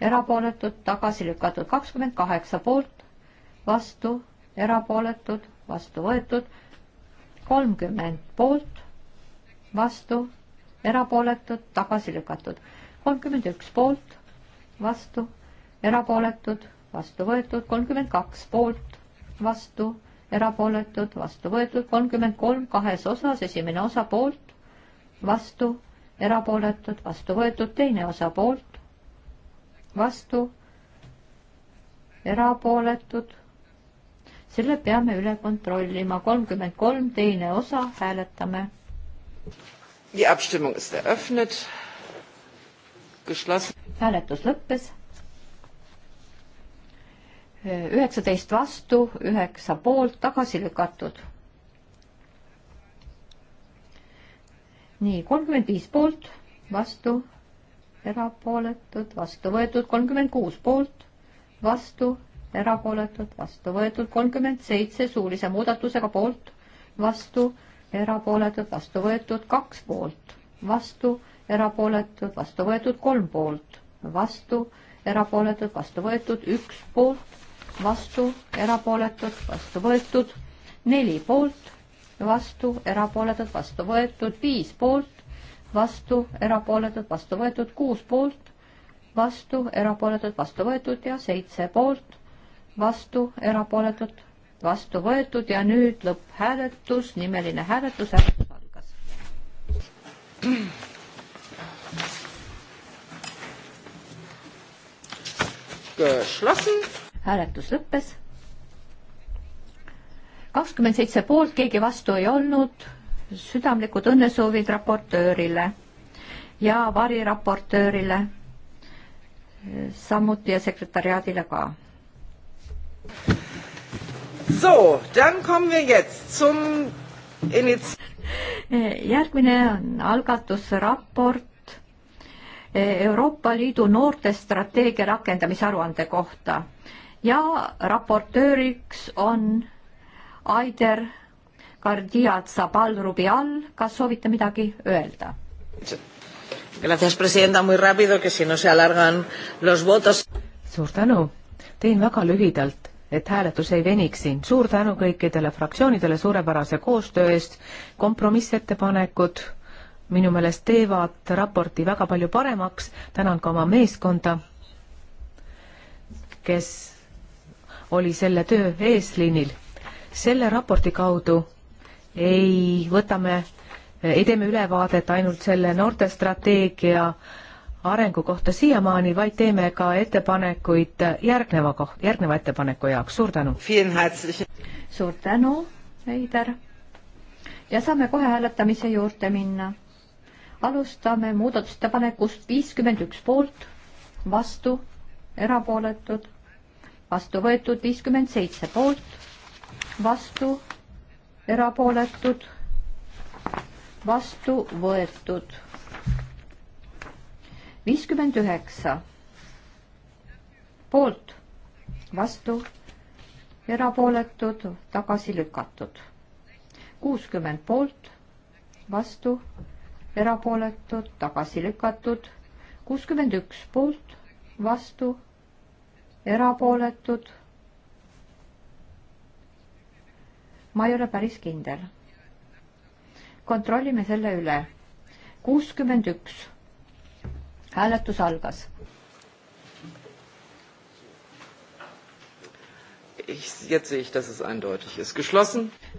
erapooletud, tagasi lükatud kakskümmend kaheksa poolt, vastu, erapooletud, vastu võetud kolmkümmend poolt, vastu erapooletud, tagasi lükatud. kolmkümmend üks poolt, vastu, erapooletud, vastu võetud, kolmkümmend kaks poolt, vastu, erapooletud, vastu võetud, kolmkümmend kolm kahes osas, esimene osa poolt, vastu, erapooletud, vastu võetud, teine osa poolt, vastu, erapooletud. selle peame üle kontrollima, kolmkümmend kolm, teine osa, hääletame. Die Abstimmung ist eröffnet. Geschlossen. hääletus lõppes. üheksateist vastu, üheksa poolt, tagasi lükatud. nii, kolmkümmend viis poolt, vastu, erapooletud, vastu võetud, kolmkümmend kuus poolt, vastu, erapooletud, vastu võetud, kolmkümmend seitse suulise muudatusega poolt, vastu erapooletud, vastu võetud kaks poolt, vastu erapooletud, vastu võetud kolm poolt, vastu erapooletud, vastu võetud üks poolt, vastu erapooletud, vastu võetud neli poolt, vastu erapooletud, vastu võetud viis poolt, vastu erapooletud, vastu võetud kuus poolt, vastu erapooletud, vastu võetud ja seitse poolt, vastu erapooletud vastu võetud ja nüüd lõpphääletus, nimeline hääletus, hääletus algas. geschlossen. hääletus lõppes. kakskümmend seitse poolt, keegi vastu ei olnud. südamlikud õnnesoovid raportöörile ja variraportöörile, samuti ja sekretäriaadile ka. So, dann kommen wir jetzt zum Iniz järgmine on algatusraport eh, Euroopa Liidu noortestrateegia rakendamise aruande kohta ja raportööriks on Aider Gardiat Zabal Rubial, kas soovite midagi öelda? Gracias, presidenta, muy rápido, que si no se alargan los votos. suur tänu, teen väga lühidalt et hääletus ei veniks siin. suur tänu kõikidele fraktsioonidele suurepärase koostöö eest, kompromissettepanekud minu meelest teevad raporti väga palju paremaks, tänan ka oma meeskonda, kes oli selle töö eesliinil. selle raporti kaudu ei võta me ei tee me ülevaadet ainult selle noortestrateegia arengu kohta siiamaani, vaid teeme ka ettepanekuid järgneva koht, järgneva ettepaneku jaoks. suur tänu! suur tänu, Heider! ja saame kohe hääletamise juurde minna. alustame muudatusettepanekust viiskümmend üks poolt, vastu, erapooletud, vastu võetud viiskümmend seitse poolt, vastu, erapooletud, vastu võetud viiskümmend üheksa poolt, vastu, erapooletud, tagasi lükatud. kuuskümmend poolt, vastu, erapooletud, tagasi lükatud. kuuskümmend üks poolt, vastu, erapooletud. ma ei ole päris kindel. kontrollime selle üle. kuuskümmend üks hääletus algas.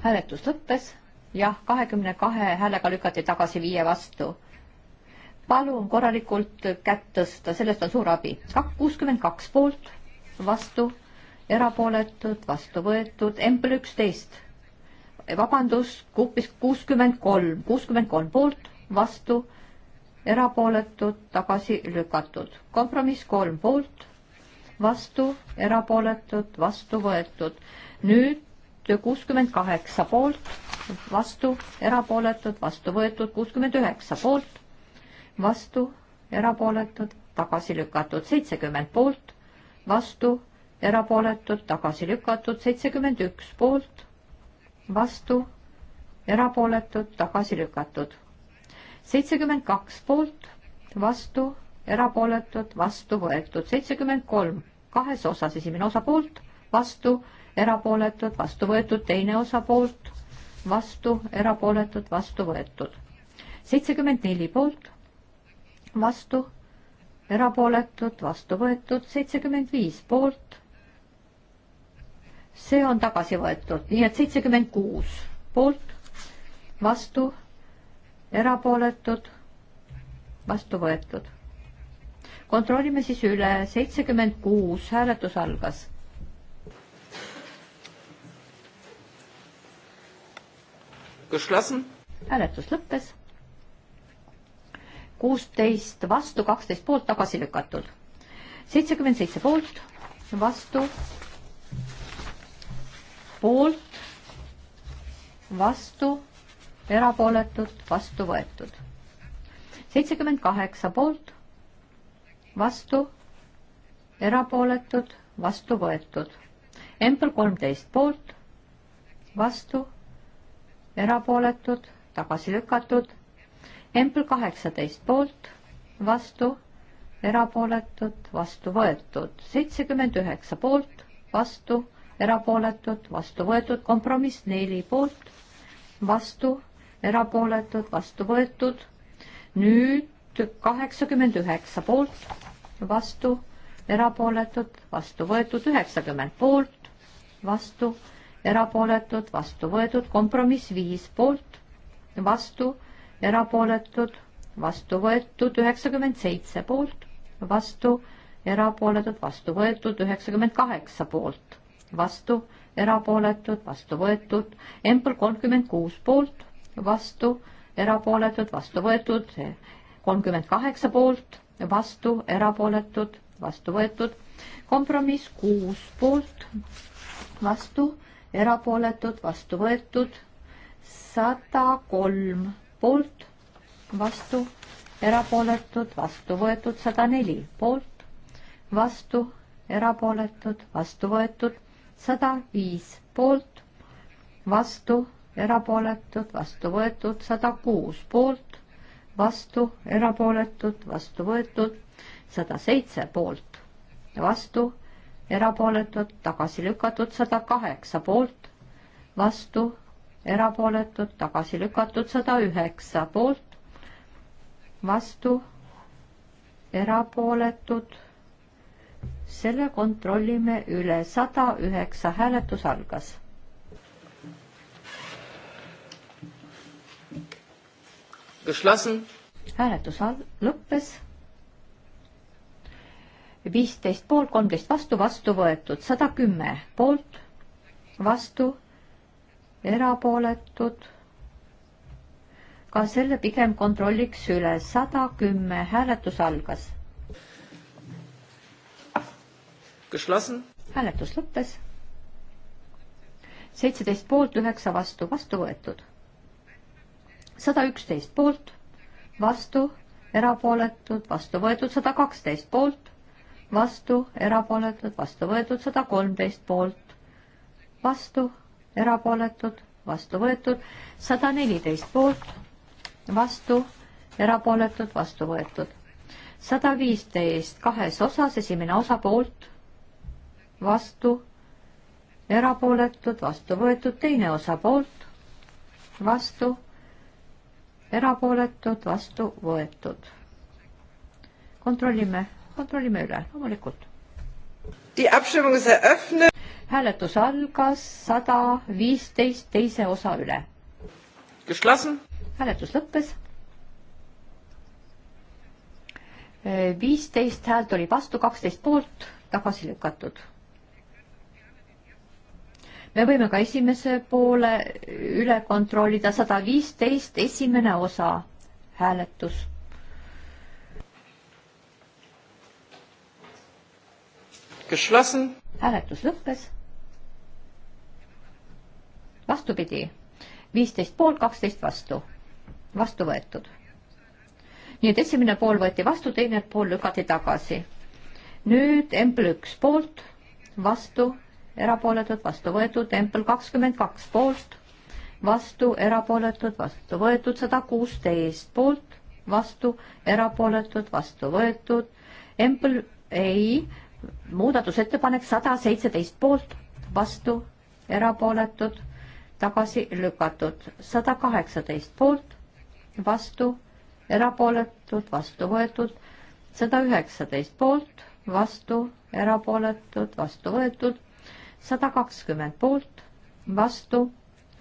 hääletus lõppes, jah, kahekümne kahe häälega lükati tagasi viie vastu. palun korralikult kätt tõsta, sellest on suur abi. kuuskümmend kaks poolt, vastu, erapooletud, vastu võetud, empel üksteist. vabandust, kuupis kuuskümmend kolm, kuuskümmend kolm poolt, vastu erapooletud, tagasi lükatud. kompromiss kolm poolt, vastu, erapooletud, vastu võetud. nüüd kuuskümmend kaheksa poolt, vastu, erapooletud, vastu võetud, kuuskümmend üheksa poolt, vastu, erapooletud, tagasi lükatud, seitsekümmend poolt, vastu, erapooletud, tagasi lükatud, seitsekümmend üks poolt, vastu, erapooletud, tagasi lükatud seitsekümmend kaks poolt, vastu, erapooletud, vastu võetud, seitsekümmend kolm, kahes osas, esimene osa poolt, vastu, erapooletud, vastu võetud, teine osa poolt, vastu, erapooletud, vastu võetud. seitsekümmend neli poolt, vastu, erapooletud, vastu võetud, seitsekümmend viis poolt. see on tagasi võetud, nii et seitsekümmend kuus poolt, vastu erapooletud, vastu võetud. kontrollime siis üle, seitsekümmend kuus, hääletus algas. hääletus lõppes. kuusteist vastu, kaksteist poolt tagasi lükatud. seitsekümmend seitse poolt, vastu, poolt, vastu erapooletud, vastu võetud. seitsekümmend kaheksa poolt, vastu, erapooletud, vastu võetud. Empel kolmteist poolt, vastu, erapooletud, tagasi lükatud. Empel kaheksateist poolt, vastu, erapooletud, vastu võetud. seitsekümmend üheksa poolt, vastu, erapooletud, vastu võetud, kompromiss neli poolt, vastu erapooletud, vastu võetud. nüüd kaheksakümmend üheksa poolt, vastu, erapooletud, vastu võetud, üheksakümmend poolt, vastu, erapooletud, vastu võetud, kompromiss viis poolt, vastu, erapooletud, vastu võetud, üheksakümmend seitse poolt, vastu, erapooletud, vastu võetud, üheksakümmend kaheksa poolt, vastu, erapooletud, vastu võetud, Empel kolmkümmend kuus poolt vastu, erapooletud, vastu võetud, kolmkümmend kaheksa poolt, vastu, erapooletud, vastu võetud, kompromiss kuus poolt, vastu, erapooletud, vastu võetud, sada kolm poolt, vastu, erapooletud, vastu võetud, sada neli poolt, vastu, erapooletud, vastu võetud, sada viis poolt, vastu, erapooletud, vastu võetud, sada kuus poolt, vastu, erapooletud, vastu võetud, sada seitse poolt, vastu, erapooletud, tagasi lükatud, sada kaheksa poolt, vastu, erapooletud, tagasi lükatud, sada üheksa poolt, vastu, erapooletud, selle kontrollime üle, sada üheksa hääletus algas hääletus lõppes. viisteist poolt, kolmteist vastu, vastu võetud sada kümme poolt, vastu, erapooletud. ka selle pigem kontrolliks üle, sada kümme, hääletus algas. hääletus lõppes. seitseteist poolt, üheksa vastu, vastu võetud sada üksteist poolt, vastu, erapooletud, vastu võetud sada kaksteist poolt, vastu, erapooletud, vastu võetud sada kolmteist poolt, vastu, erapooletud, vastu võetud sada neliteist poolt, vastu, erapooletud, vastu võetud sada viisteist kahes osas, esimene osa poolt, vastu, erapooletud, vastu võetud, teine osa poolt, vastu erapooletud, vastu võetud. kontrollime, kontrollime üle, loomulikult. hääletus algas sada viisteist teise osa üle. hääletus lõppes. viisteist häält oli vastu, kaksteist poolt, tagasi lükatud me võime ka esimese poole üle kontrollida, sada viisteist, esimene osa, hääletus. hääletus lõppes. vastupidi, viisteist poolt, kaksteist vastu, vastu võetud. nii et esimene pool võeti vastu, teine pool lükati tagasi. nüüd Embl üks poolt, vastu erapooletud, vastu võetud, empel kakskümmend kaks poolt, vastu, erapooletud, vastu võetud, sada kuusteist poolt, vastu, erapooletud, vastu võetud, empel ei, muudatusettepanek sada seitseteist poolt, vastu, erapooletud, tagasi lükatud, sada kaheksateist poolt, vastu, erapooletud, vastu võetud, sada üheksateist poolt, vastu, erapooletud, vastu võetud sada kakskümmend poolt, vastu,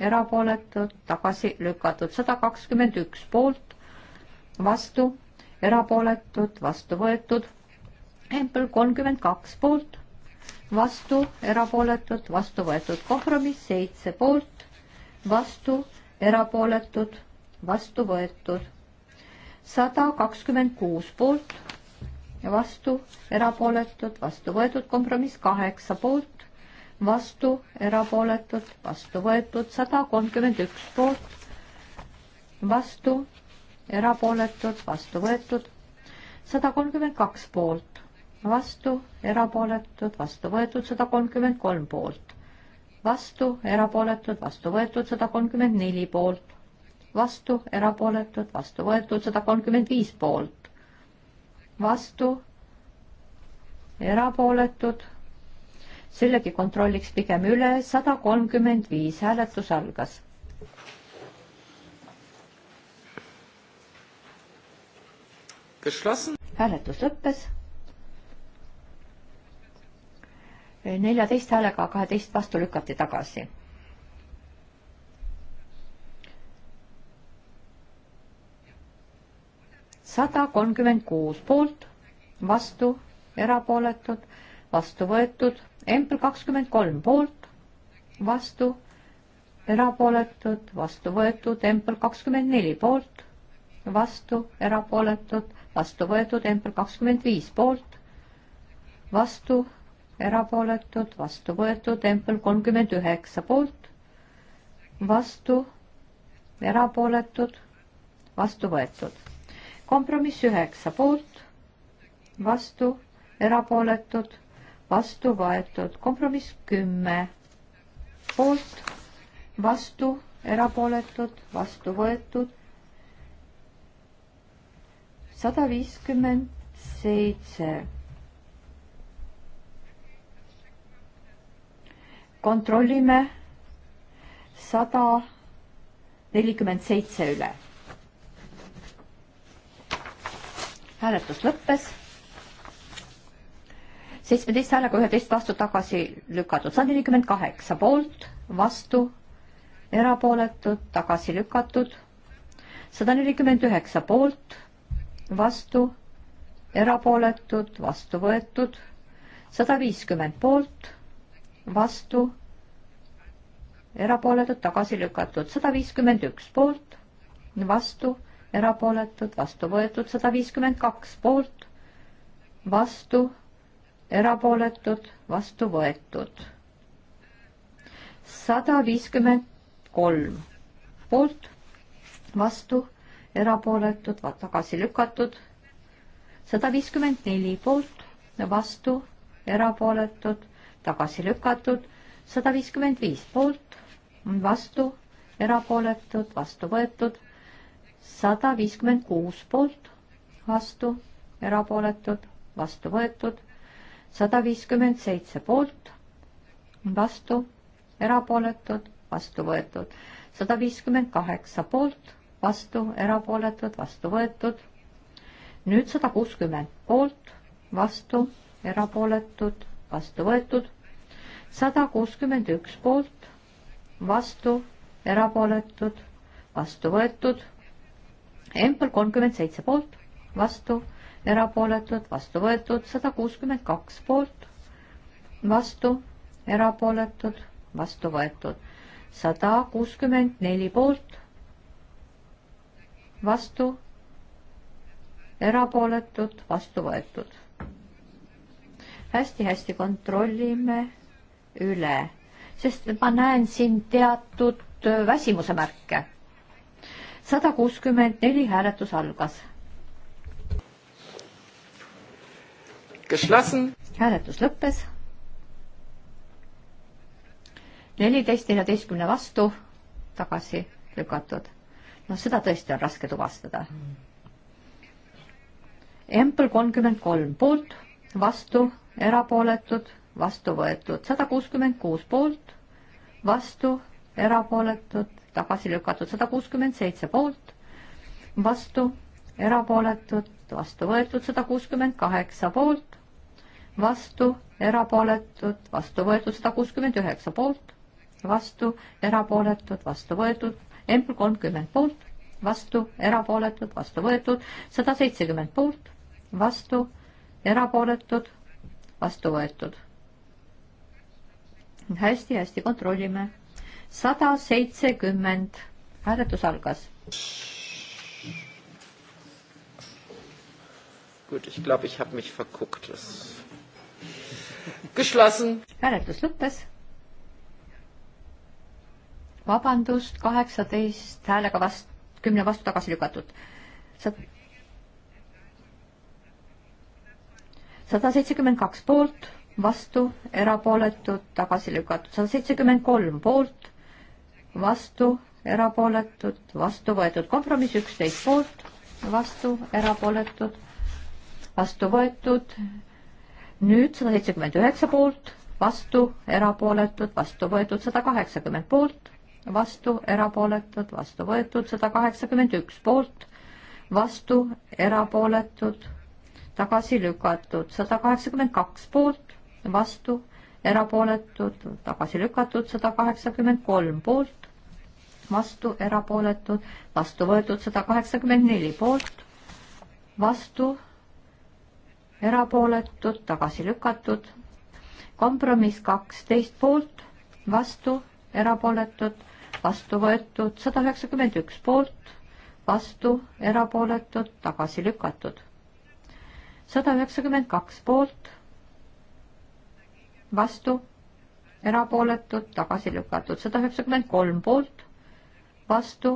erapooletud, tagasi lükatud, sada kakskümmend üks poolt, vastu, erapooletud, vastu võetud, Hempel kolmkümmend kaks poolt, vastu, erapooletud, vastu võetud, kompromiss seitse poolt, vastu, erapooletud, vastu võetud, sada kakskümmend kuus poolt, vastu, erapooletud, vastu võetud, kompromiss kaheksa poolt, vastu, erapooletud, vastu võetud, sada kolmkümmend üks poolt, vastu, erapooletud, vastu võetud, sada kolmkümmend kaks poolt, vastu, erapooletud, vastu võetud, sada kolmkümmend kolm poolt, vastu, erapooletud, vastu võetud, sada kolmkümmend neli poolt, vastu, erapooletud, vastu võetud, sada kolmkümmend viis poolt, vastu, erapooletud sellegi kontrolliks pigem üle, sada kolmkümmend viis hääletus algas. hääletus lõppes. neljateist häälega kaheteist vastu lükati tagasi sada kolmkümmend kuus poolt, vastu, erapooletud, vastu võetud, Empl kakskümmend kolm poolt, vastu, erapooletud, vastu võetud, Empl kakskümmend neli poolt, vastu, erapooletud, vastu võetud, Empl kakskümmend viis poolt, vastu, erapooletud, vastu võetud, Empl kolmkümmend üheksa poolt, vastu, erapooletud, vastu võetud. kompromiss üheksa poolt, vastu, erapooletud vastu võetud. kompromiss kümme poolt, vastu, erapooletud, vastu võetud. sada viiskümmend seitse. kontrollime sada nelikümmend seitse üle. hääletus lõppes seitsmeteist häälega üheteist vastu tagasi lükatud, sada nelikümmend kaheksa poolt, vastu, erapooletud, tagasi lükatud, sada nelikümmend üheksa poolt, vastu, erapooletud, vastu võetud, sada viiskümmend poolt, vastu, erapooletud, tagasi lükatud, sada viiskümmend üks poolt, vastu, erapooletud, vastu võetud, sada viiskümmend kaks poolt, vastu erapooletud, vastu võetud. sada viiskümmend kolm poolt, vastu, erapooletud, tagasi lükatud. sada viiskümmend neli poolt, vastu, erapooletud, tagasi lükatud. sada viiskümmend viis poolt, vastu, erapooletud, vastu võetud. sada viiskümmend kuus poolt, vastu, erapooletud, vastu võetud sada viiskümmend seitse poolt, vastu, erapooletud, vastu võetud. sada viiskümmend kaheksa poolt, vastu, erapooletud, vastu võetud. nüüd sada kuuskümmend poolt, vastu, erapooletud, vastu võetud. sada kuuskümmend üks poolt, vastu, erapooletud, vastu võetud. Empel kolmkümmend seitse poolt, vastu erapooletud, vastu võetud, sada kuuskümmend kaks poolt, vastu, erapooletud, vastu võetud, sada kuuskümmend neli poolt, vastu, erapooletud, vastu võetud hästi-hästi kontrollime üle, sest ma näen siin teatud äh, väsimuse märke. sada kuuskümmend neli hääletus algas geschlossen. hääletus lõppes. neliteist neljateistkümne vastu tagasi lükatud. noh, seda tõesti on raske tuvastada. Empel kolmkümmend kolm poolt, vastu, erapooletud, vastu võetud, sada kuuskümmend kuus poolt, vastu, erapooletud, tagasi lükatud, sada kuuskümmend seitse poolt, vastu, erapooletud, vastu võetud, sada kuuskümmend kaheksa poolt, vastu, erapooletud, vastu võetud sada kuuskümmend üheksa poolt, vastu, erapooletud, vastu võetud, empl kolmkümmend poolt, vastu, erapooletud, vastu võetud, sada seitsekümmend poolt, vastu, erapooletud, vastu võetud hästi,. hästi-hästi kontrollime. sada seitsekümmend, hääletus algas. Gut, ich glaube, ich habe mich verguckt. Das geschlossen. hääletus lõppes. vabandust, kaheksateist häälega vastu, kümne vastu tagasi lükatud. sada seitsekümmend kaks poolt, vastu, erapooletud, tagasi lükatud, sada seitsekümmend kolm poolt, vastu, erapooletud, vastu võetud, kompromiss üksteist poolt, vastu, erapooletud, vastu võetud nüüd sada seitsekümmend üheksa poolt, vastu, erapooletud, vastu võetud sada kaheksakümmend poolt, vastu, erapooletud, vastu võetud sada kaheksakümmend üks poolt, vastu, erapooletud, tagasi lükatud sada kaheksakümmend kaks poolt, vastu, erapooletud, tagasi lükatud sada kaheksakümmend kolm poolt, vastu, erapooletud, vastu võetud sada kaheksakümmend neli poolt, vastu erapooletud, tagasi lükatud. kompromiss kaksteist poolt, vastu, erapooletud, vastu võetud, sada üheksakümmend üks poolt, vastu, erapooletud, tagasi lükatud. sada üheksakümmend kaks poolt, vastu, erapooletud, tagasi lükatud, sada üheksakümmend kolm poolt, vastu,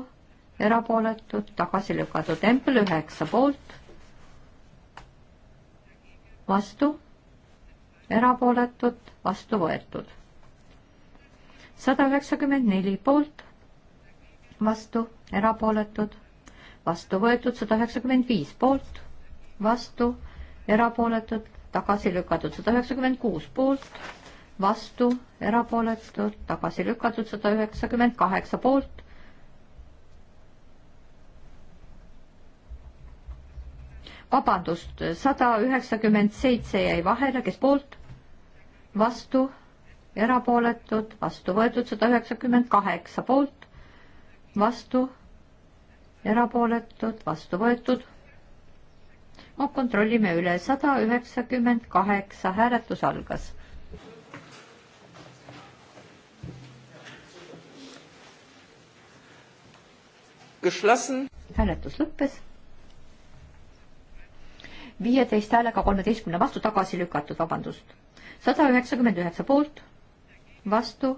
erapooletud, tagasi lükatud, tempel üheksa poolt vastu, erapooletud, vastu võetud. sada üheksakümmend neli poolt, vastu, erapooletud, vastu võetud, sada üheksakümmend viis poolt, vastu, erapooletud, tagasi lükatud, sada üheksakümmend kuus poolt, vastu, erapooletud, tagasi lükatud, sada üheksakümmend kaheksa poolt, vabandust, sada üheksakümmend seitse jäi vahele, kes poolt, vastu, erapooletud, vastu võetud sada üheksakümmend kaheksa poolt, vastu, erapooletud, vastu võetud. no kontrollime üle, sada üheksakümmend kaheksa, hääletus algas. hääletus lõppes viieteist häälega kolmeteistkümne vastu tagasi lükatud, vabandust. sada üheksakümmend üheksa poolt, vastu,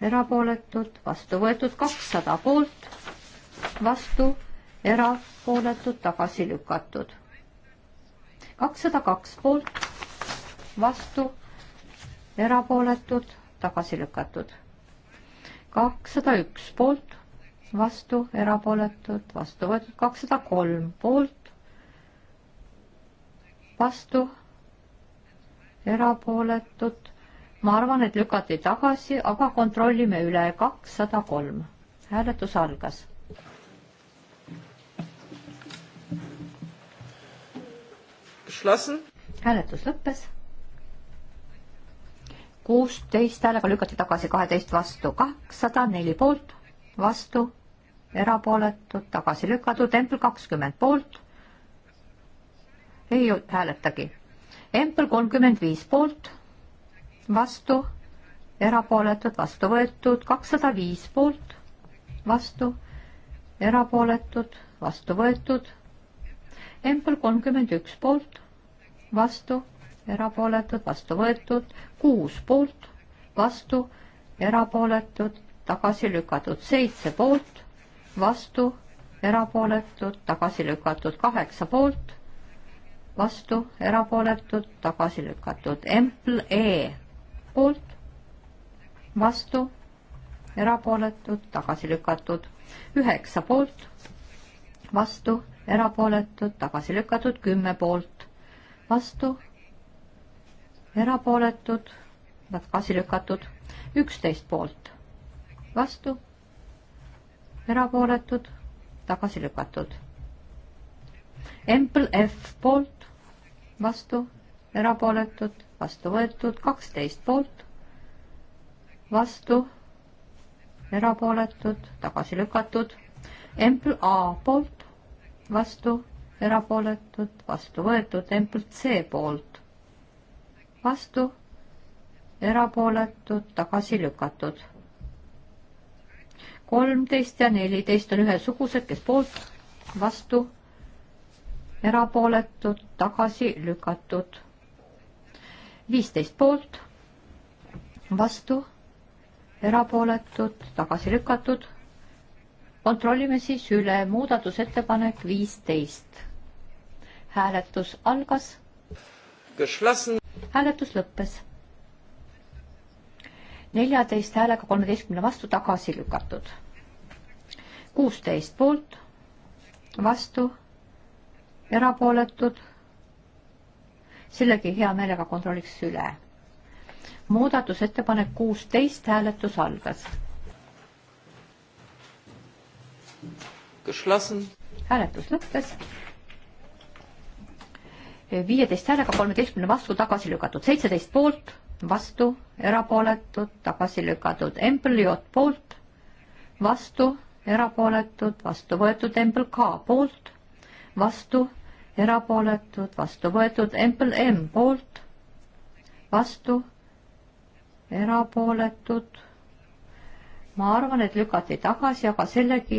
erapooletud, vastu võetud kakssada poolt, vastu, erapooletud, tagasi lükatud. kakssada kaks poolt, vastu, erapooletud, tagasi lükatud. kakssada üks poolt, vastu, erapooletud, vastu võetud kakssada kolm poolt, vastu, erapooletud. ma arvan, et lükati tagasi, aga kontrollime üle, kakssada kolm. hääletus algas. hääletus lõppes kuusteist häälega lükati tagasi, kaheteist vastu, kakssada neli poolt, vastu, erapooletud, tagasi lükatud, tempel kakskümmend poolt, ei hääletagi. Empel kolmkümmend viis poolt, vastu, erapooletud, vastu võetud, kakssada viis poolt, vastu, erapooletud, vastu võetud. Empel kolmkümmend üks poolt, vastu, erapooletud, vastu võetud, kuus poolt, vastu, erapooletud, tagasi lükatud, seitse poolt, vastu, erapooletud, tagasi lükatud, kaheksa poolt vastu, erapooletud, tagasi lükatud. Empl E poolt, vastu, erapooletud, tagasi lükatud. üheksa poolt, vastu, erapooletud, tagasi lükatud, kümme poolt, vastu, erapooletud, tagasi lükatud, üksteist poolt, vastu, erapooletud, tagasi lükatud. Empl F poolt, vastu, erapooletud, vastu võetud, kaksteist poolt, vastu, erapooletud, tagasi lükatud, empl A poolt, vastu, erapooletud, vastu võetud, empl C poolt, vastu, erapooletud, tagasi lükatud. kolmteist ja neliteist on ühesugused, kes poolt, vastu erapooletud, tagasi lükatud. viisteist poolt, vastu, erapooletud, tagasi lükatud. kontrollime siis üle muudatusettepanek viisteist. hääletus algas. hääletus lõppes. neljateist häälega kolmeteistkümne vastu tagasi lükatud. kuusteist poolt, vastu erapooletud. sellegi hea meelega kontrolliks üle. muudatusettepanek kuusteist, hääletus algas. hääletus lõppes. viieteist häälega kolmeteistkümne vastu tagasi lükatud, seitseteist poolt, vastu, erapooletud, tagasi lükatud, embrüot poolt, vastu, erapooletud, vastu võetud, embl K poolt vastu, erapooletud, vastu võetud, Empel M poolt, vastu, erapooletud. ma arvan, et lükati tagasi, aga sellegi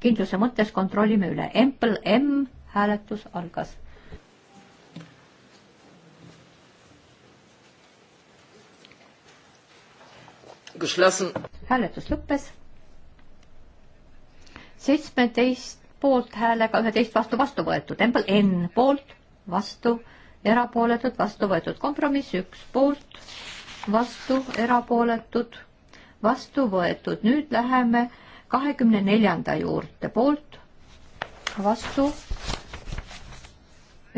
kindluse mõttes kontrollime üle. Empel M hääletus algas. hääletus lõppes. seitsmeteist poolthäälega üheteist vastu vastu võetud, Embel N poolt, vastu, erapooletud, vastu võetud, kompromiss üks poolt, vastu, erapooletud, vastu võetud. nüüd läheme kahekümne neljanda juurde, poolt, vastu,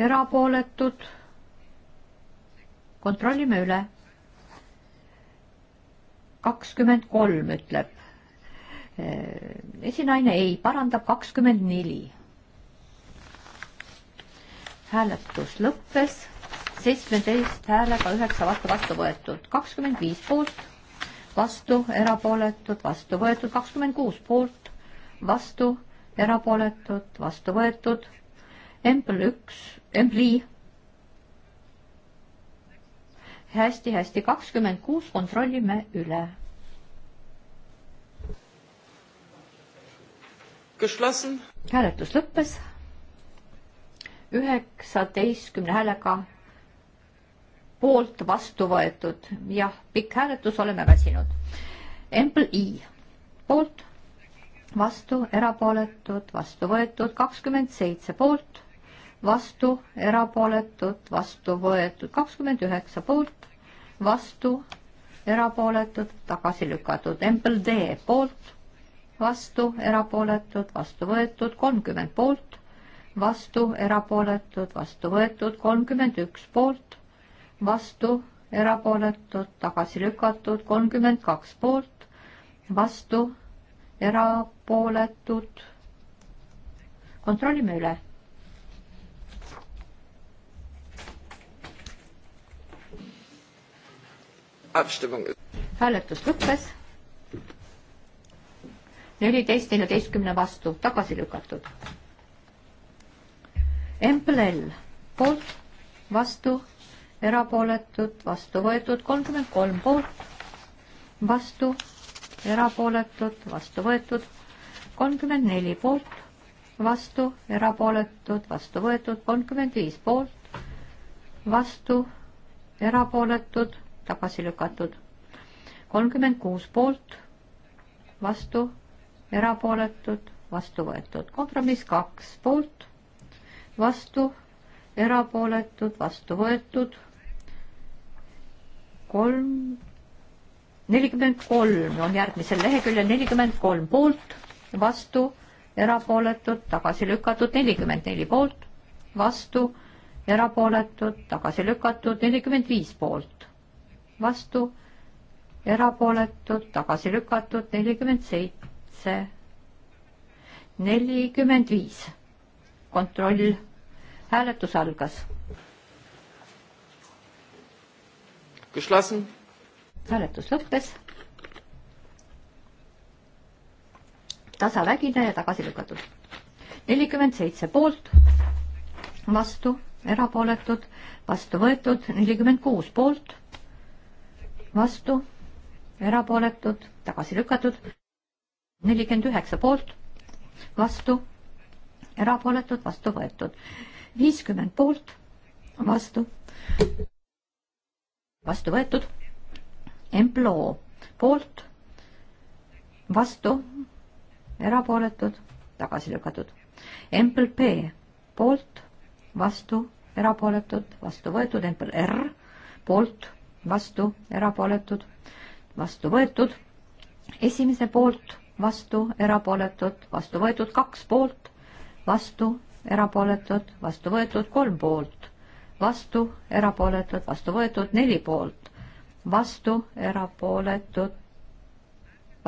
erapooletud. kontrollime üle. kakskümmend kolm ütleb Äh, esinaine ei, parandab kakskümmend neli. hääletus lõppes seitsmeteist häälega üheksa vastu vastu võetud, kakskümmend viis poolt, vastu erapooletud, vastu võetud, kakskümmend kuus poolt, vastu erapooletud, vastu võetud, empl üks, empli. hästi-hästi, kakskümmend kuus, kontrollime üle hääletus lõppes üheksateistkümne häälega poolt vastu võetud. jah, pikk hääletus, oleme väsinud. Ample I poolt, vastu, erapooletud, vastu võetud, kakskümmend seitse poolt, vastu, erapooletud, vastu võetud, kakskümmend üheksa poolt, vastu, erapooletud, tagasi lükatud. Ample D poolt vastu, erapooletud, vastu võetud, kolmkümmend poolt, vastu, erapooletud, vastu võetud, kolmkümmend üks poolt, vastu, erapooletud, tagasi lükatud, kolmkümmend kaks poolt, vastu, erapooletud. kontrollime üle. hääletus lõppes neliteist neljateistkümne vastu, tagasi lükatud. Emplel poolt, vastu, erapooletud, vastu võetud, kolmkümmend kolm poolt, vastu, erapooletud, vastu võetud, kolmkümmend neli poolt, vastu, erapooletud, vastu võetud, kolmkümmend viis poolt, vastu, erapooletud, tagasi lükatud, kolmkümmend kuus poolt, vastu erapooletud, vastu võetud. kompromiss kaks poolt, vastu, erapooletud, vastu võetud. kolm, nelikümmend kolm on järgmisel leheküljel, nelikümmend kolm poolt, vastu, erapooletud, tagasi lükatud, nelikümmend neli poolt, vastu, erapooletud, tagasi lükatud, nelikümmend viis poolt, vastu, erapooletud, tagasi lükatud, nelikümmend seitse seitse, nelikümmend viis. kontroll, hääletus algas. hääletus lõppes. tasavägine ja tagasi lükatud. nelikümmend seitse poolt, vastu, erapooletud, vastu võetud, nelikümmend kuus poolt, vastu, erapooletud, tagasi lükatud nelikümmend üheksa poolt, vastu, erapooletud, vastu võetud. viiskümmend poolt, vastu, vastu võetud. Emploo poolt, vastu, erapooletud, tagasi lükatud. Empl P poolt, vastu, erapooletud, vastu võetud. Empl R poolt, vastu, erapooletud, vastu võetud. esimese poolt vastu, erapooletud, vastu võetud kaks poolt, vastu, erapooletud, vastu võetud kolm poolt, vastu, erapooletud, vastu võetud neli poolt, vastu, erapooletud,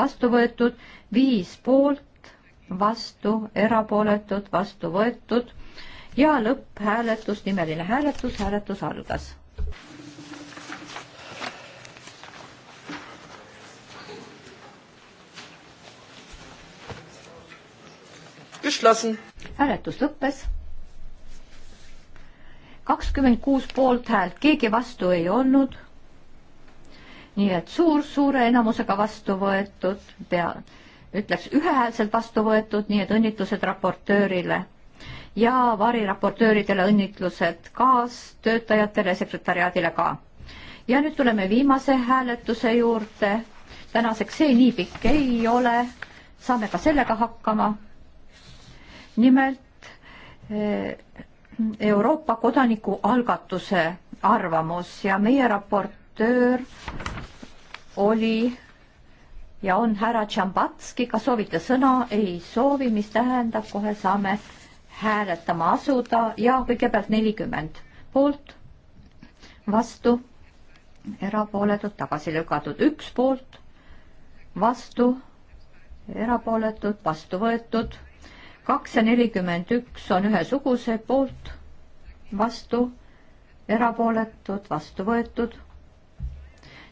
vastu võetud viis poolt, vastu, erapooletud, vastu võetud ja lõpphääletus, nimeline hääletus, hääletus algas geschlossen. hääletus lõppes. kakskümmend kuus poolthäält, keegi vastu ei olnud. nii et suur, suure enamusega vastu võetud, pea, ütleks ühehäälselt vastu võetud, nii et õnnitlused raportöörile ja variraportööridele õnnitlused kaastöötajatele, sekretäriaadile ka. ja nüüd tuleme viimase hääletuse juurde. tänaseks see nii pikk ei ole, saame ka sellega hakkama nimelt eh, Euroopa kodanikualgatuse arvamus ja meie raportöör oli ja on härra Tšambatski, kas soovite sõna? ei soovi, mis tähendab, kohe saame hääletama asuda ja kõigepealt nelikümmend poolt, vastu, erapooletud, tagasi lükatud, üks poolt, vastu, erapooletud, vastu võetud kakssada nelikümmend üks on ühesuguse poolt, vastu, erapooletud, vastu võetud.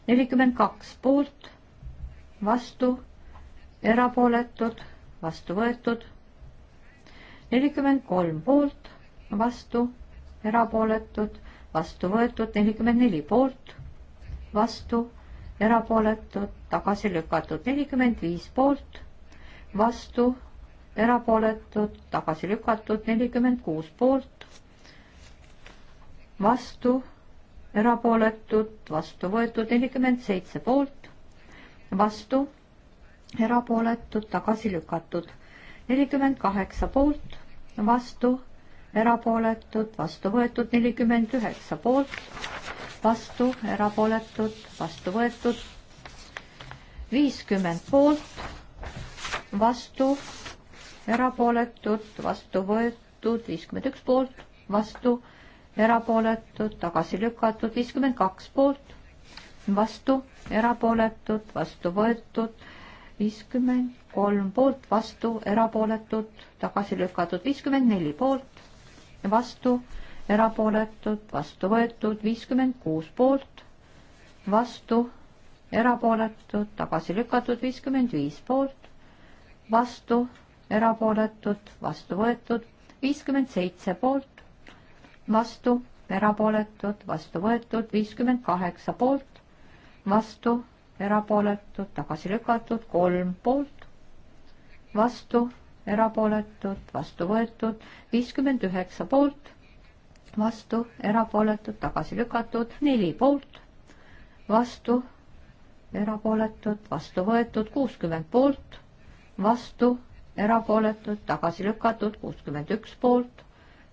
nelikümmend kaks poolt, vastu, erapooletud, vastu võetud. nelikümmend kolm poolt, vastu, erapooletud, vastu võetud. nelikümmend neli poolt, vastu, erapooletud, tagasi lükatud. nelikümmend viis poolt, vastu erapooletud, tagasi lükatud, nelikümmend kuus poolt, vastu, erapooletud, vastu võetud, nelikümmend seitse poolt, vastu, erapooletud, tagasi lükatud, nelikümmend kaheksa poolt, vastu, erapooletud, vastu võetud, nelikümmend üheksa poolt, vastu, erapooletud, vastu võetud, viiskümmend poolt, vastu, erapooletud, vastu võetud, viiskümmend üks poolt, vastu, erapooletud, tagasi lükatud, viiskümmend kaks poolt, vastu, erapooletud, vastu võetud, viiskümmend kolm poolt, vastu, erapooletud, tagasi lükatud, viiskümmend neli poolt, vastu, erapooletud, vastu võetud, viiskümmend kuus poolt, vastu, erapooletud, tagasi lükatud, viiskümmend viis poolt, vastu, erapooletud, vastu võetud, viiskümmend seitse poolt, vastu, erapooletud, vastu võetud, viiskümmend kaheksa poolt, vastu, erapooletud, tagasi lükatud, kolm poolt, vastu, erapooletud, vastu võetud, viiskümmend üheksa poolt, vastu, erapooletud, tagasi lükatud, neli poolt, vastu, erapooletud, vastu võetud, kuuskümmend poolt, vastu erapooletud, tagasi lükatud, kuuskümmend üks poolt,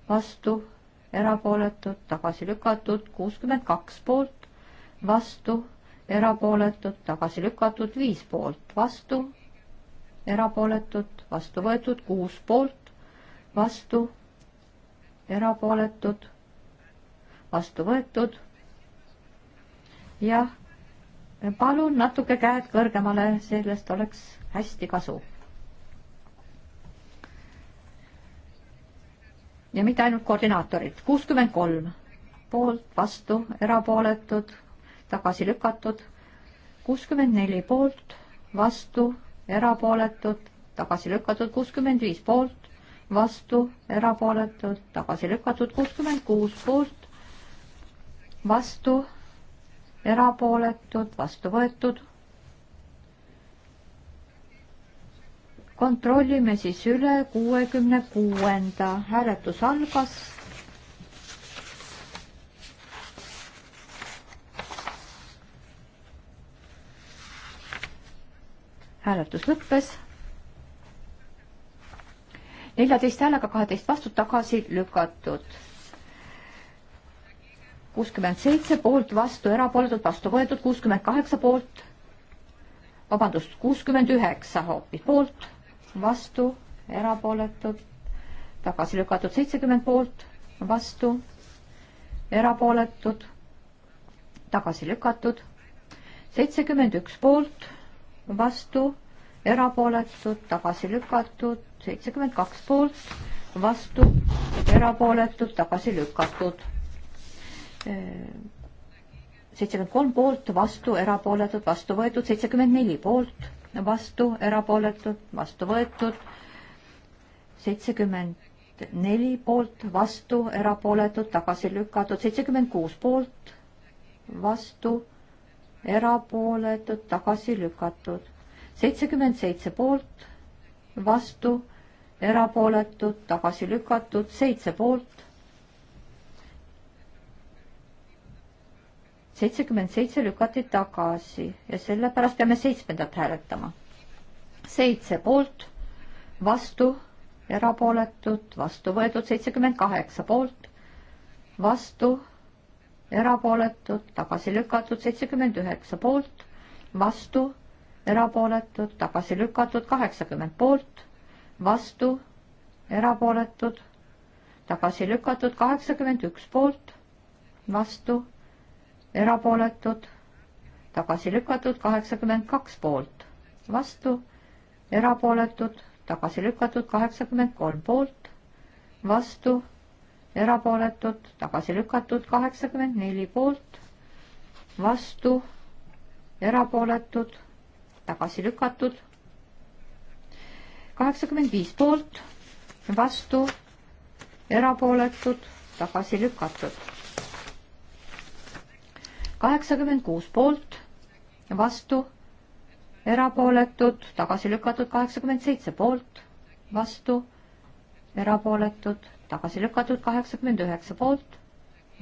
vastu, erapooletud, tagasi lükatud, kuuskümmend kaks poolt, vastu, erapooletud, tagasi lükatud, viis poolt, vastu, erapooletud, vastu võetud, kuus poolt, vastu, erapooletud, vastu võetud. jah, palun natuke käed kõrgemale, sellest oleks hästi kasu ja mitte ainult koordinaatorid. kuuskümmend kolm poolt, vastu, erapooletud, tagasi lükatud. kuuskümmend neli poolt, vastu, erapooletud, tagasi lükatud. kuuskümmend viis poolt, vastu, erapooletud, tagasi lükatud. kuuskümmend kuus poolt, vastu, erapooletud, vastu võetud kontrollime siis üle kuuekümne kuuenda, hääletus algas. hääletus lõppes. neljateist häälega kaheteist vastu tagasi lükatud. kuuskümmend seitse poolt vastu, erapooletult vastu võetud, kuuskümmend kaheksa poolt, vabandust, kuuskümmend üheksa hoopis poolt vastu, erapooletud, tagasi lükatud seitsekümmend poolt, vastu, erapooletud, tagasi lükatud, seitsekümmend üks poolt, vastu, erapooletud, tagasi lükatud, seitsekümmend kaks poolt, vastu, erapooletud, tagasi lükatud. seitsekümmend kolm poolt, vastu, erapooletud, vastu võetud, seitsekümmend neli poolt, vastu, erapooletud, vastu võetud. seitsekümmend neli poolt, vastu, erapooletud, tagasi lükatud, seitsekümmend kuus poolt, vastu, erapooletud, tagasi lükatud. seitsekümmend seitse poolt, vastu, erapooletud, tagasi lükatud, seitse poolt seitsekümmend seitse lükati tagasi ja sellepärast peame seitsmendat hääletama. seitse poolt, vastu, erapooletud, vastu võetud seitsekümmend kaheksa poolt, vastu, erapooletud, tagasi lükatud seitsekümmend üheksa poolt, vastu, erapooletud, tagasi lükatud kaheksakümmend poolt, vastu, erapooletud, tagasi lükatud kaheksakümmend üks poolt, vastu erapooletud, tagasi lükatud, kaheksakümmend kaks poolt, vastu, erapooletud, tagasi lükatud, kaheksakümmend kolm poolt, vastu, erapooletud, tagasi lükatud, kaheksakümmend neli poolt, vastu, erapooletud, tagasi lükatud, kaheksakümmend viis poolt, vastu, erapooletud, tagasi lükatud kaheksakümmend kuus poolt, vastu, erapooletud, tagasi lükatud, kaheksakümmend seitse poolt, vastu, erapooletud, tagasi lükatud, kaheksakümmend üheksa poolt,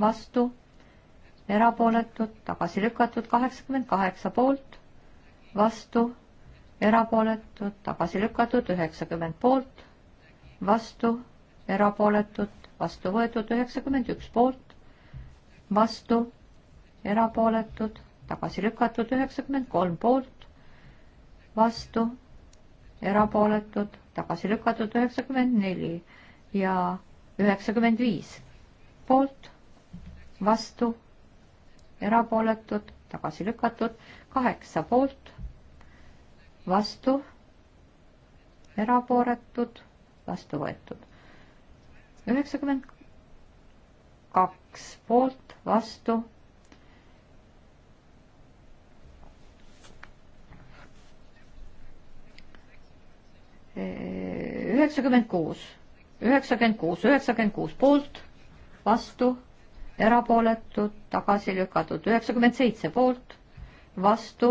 vastu, erapooletud, tagasi lükatud, kaheksakümmend kaheksa poolt, vastu, erapooletud, tagasi lükatud, üheksakümmend poolt, vastu, erapooletud, vastu võetud, üheksakümmend üks poolt, vastu erapooletud, tagasi lükatud, üheksakümmend kolm poolt, vastu, erapooletud, tagasi lükatud, üheksakümmend neli ja üheksakümmend viis poolt, vastu, erapooletud, tagasi lükatud, kaheksa poolt, vastu, erapooletud, vastu võetud. üheksakümmend kaks poolt, vastu üheksakümmend kuus, üheksakümmend kuus, üheksakümmend kuus poolt, vastu, erapooletud, tagasi lükatud, üheksakümmend seitse poolt, vastu,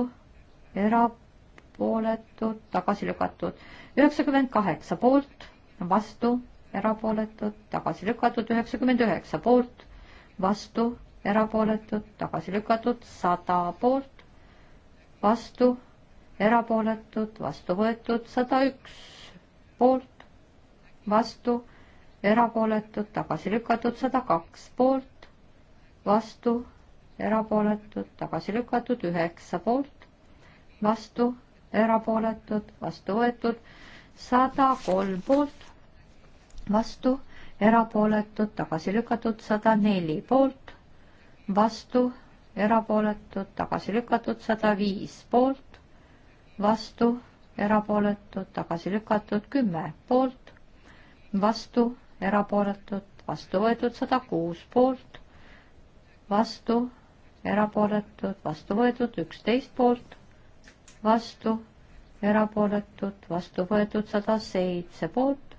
erapooletud, tagasi lükatud, üheksakümmend kaheksa poolt, vastu, erapooletud, tagasi lükatud, üheksakümmend üheksa poolt, vastu, erapooletud, tagasi lükatud, sada poolt, vastu, erapooletud, vastu võetud, sada üks poolt, vastu, erapooletud, tagasi lükatud, sada kaks poolt, vastu, erapooletud, tagasi lükatud, üheksa poolt, vastu, erapooletud, vastu võetud, sada kolm poolt, vastu, erapooletud, tagasi lükatud, sada neli poolt, vastu, erapooletud, tagasi lükatud, sada viis poolt, vastu, erapooletud, tagasi lükatud, kümme poolt, vastu, erapooletud, vastu võetud sada kuus poolt, vastu, erapooletud, vastu võetud üksteist poolt, vastu, erapooletud, vastu võetud sada seitse poolt,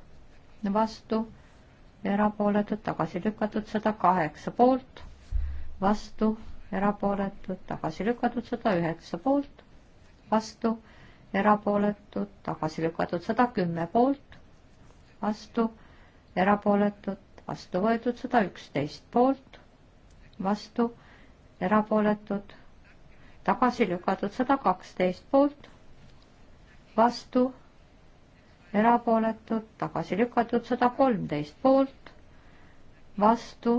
vastu, erapooletud, tagasi lükatud sada kaheksa poolt, vastu, erapooletud, tagasi lükatud sada üheksa poolt, vastu, erapooletud, tagasi lükatud sada kümme poolt, vastu, erapooletud, vastu võetud sada üksteist poolt, vastu, erapooletud, tagasi lükatud sada kaksteist poolt, vastu, erapooletud, tagasi lükatud sada kolmteist poolt, vastu,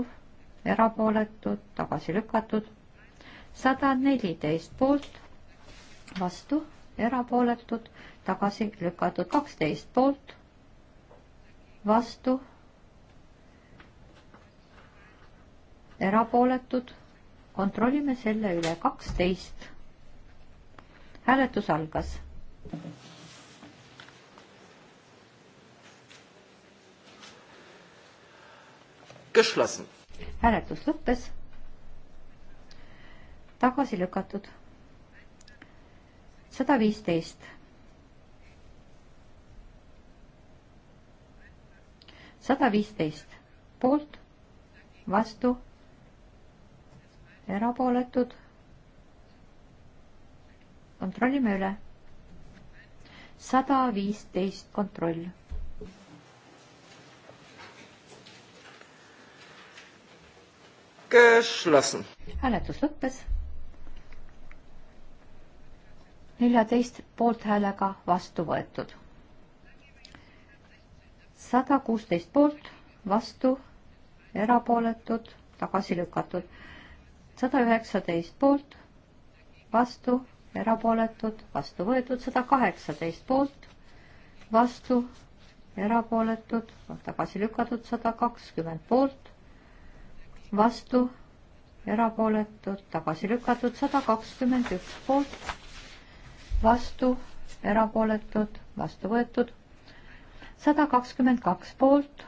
erapooletud, tagasi lükatud sada neliteist poolt, vastu, erapooletud, tagasi lükatud kaksteist poolt vastu, erapooletud, kontrollime selle üle, kaksteist. hääletus algas. hääletus lõppes. tagasi lükatud. sada viisteist sada viisteist poolt, vastu, erapooletud. kontrollime üle. sada viisteist kontroll. hääletus lõppes neljateist poolthäälega vastu võetud sada kuusteist poolt, vastu, erapooletud, tagasi lükatud. sada üheksateist poolt, vastu, erapooletud, vastu võetud, sada kaheksateist poolt, vastu, erapooletud, tagasi lükatud, sada kakskümmend poolt, vastu, erapooletud, tagasi lükatud, sada kakskümmend üks poolt, vastu, erapooletud, vastu võetud sada kakskümmend kaks poolt,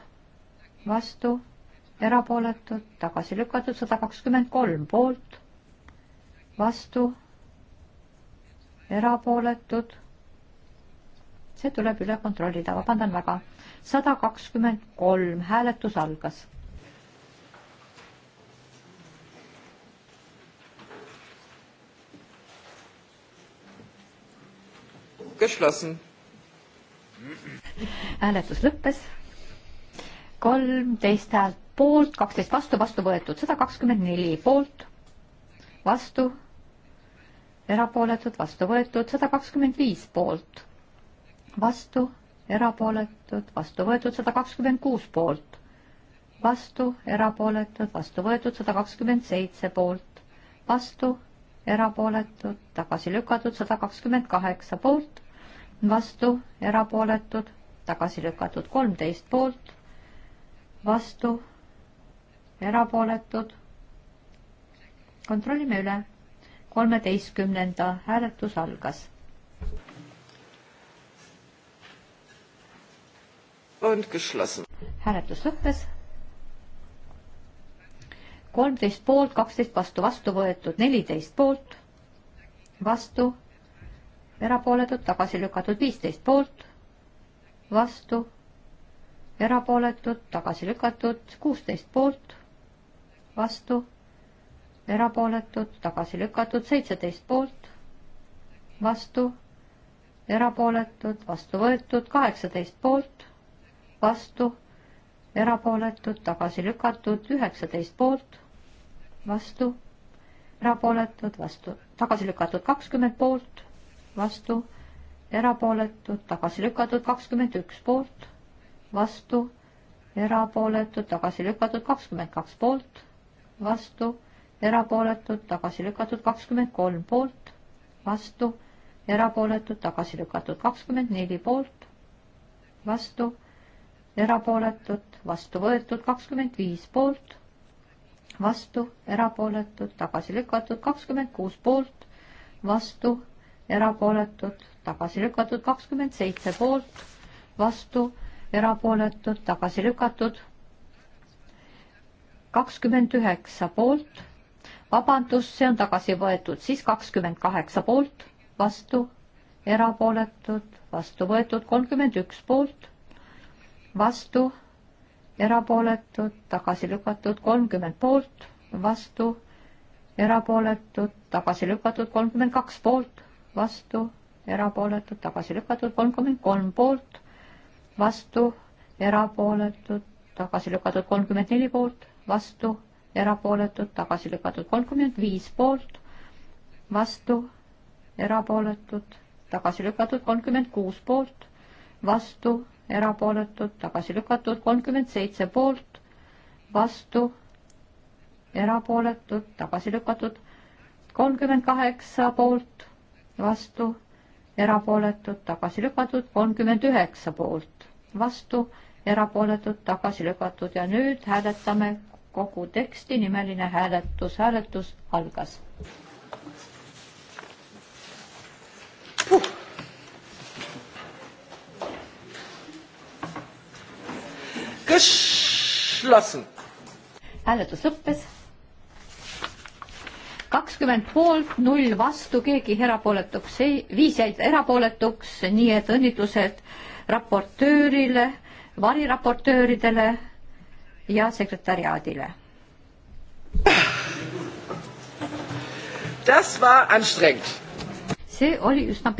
vastu, erapooletud, tagasi lükatud, sada kakskümmend kolm poolt, vastu, erapooletud. see tuleb üle kontrollida, vabandan väga. sada kakskümmend kolm, hääletus algas. geschlossen hääletus lõppes. kolmteist häält poolt, kaksteist vastu, vastu võetud sada kakskümmend neli poolt, vastu, erapooletud, vastu võetud sada kakskümmend viis poolt, vastu, erapooletud, vastu võetud sada kakskümmend kuus poolt, vastu, erapooletud, vastu võetud sada kakskümmend seitse poolt, vastu, erapooletud, tagasi lükatud sada kakskümmend kaheksa poolt, vastu, erapooletud, tagasi lükatud, kolmteist poolt, vastu, erapooletud. kontrollime üle. kolmeteistkümnenda hääletus algas. hääletus lõppes kolmteist poolt, kaksteist vastu, vastu võetud neliteist poolt, vastu, erapooletud, tagasi lükatud viisteist poolt, vastu, erapooletud, tagasi lükatud, kuusteist poolt, vastu, erapooletud, tagasi lükatud, seitseteist poolt, vastu, erapooletud, vastu võetud, kaheksateist poolt, vastu, erapooletud, tagasi lükatud, üheksateist poolt, vastu, erapooletud, vastu, tagasi lükatud, kakskümmend poolt, vastu erapooletud, tagasi lükatud, kakskümmend üks poolt, vastu, erapooletud, tagasi lükatud, kakskümmend kaks poolt, vastu, erapooletud, tagasi lükatud, kakskümmend kolm poolt, vastu, erapooletud, tagasi lükatud, kakskümmend neli poolt, vastu, erapooletud, vastu võetud, kakskümmend viis poolt, vastu, erapooletud, tagasi lükatud, kakskümmend kuus poolt, vastu, erapooletud, tagasi lükatud, kakskümmend seitse poolt, vastu, erapooletud, tagasi lükatud, kakskümmend üheksa poolt, vabandust, see on tagasi võetud, siis kakskümmend kaheksa poolt, vastu, erapooletud, vastu võetud, kolmkümmend üks poolt, vastu, erapooletud, tagasi lükatud, kolmkümmend poolt, vastu, erapooletud, tagasi lükatud, kolmkümmend kaks poolt, vastu erapooletud, tagasi lükatud, kolmkümmend kolm poolt, vastu, erapooletud, tagasi lükatud, kolmkümmend neli poolt, vastu, erapooletud, tagasi lükatud, kolmkümmend viis poolt, vastu, erapooletud, tagasi lükatud, kolmkümmend kuus poolt, vastu, erapooletud, tagasi lükatud, kolmkümmend seitse poolt, vastu, erapooletud, tagasi lükatud, kolmkümmend kaheksa poolt, vastu erapooletud, tagasi lükatud, kolmkümmend üheksa poolt, vastu, erapooletud, tagasi lükatud ja nüüd hääletame kogu teksti, nimeline hääletus, hääletus algas. Puh. geschlossen. hääletus lõppes kakskümmend poolt, null vastu, keegi erapooletuks ei, viis jäid erapooletuks, nii et õnnitlused raportöörile, variraportööridele ja sekretäriaadile. see oli üsna pikk.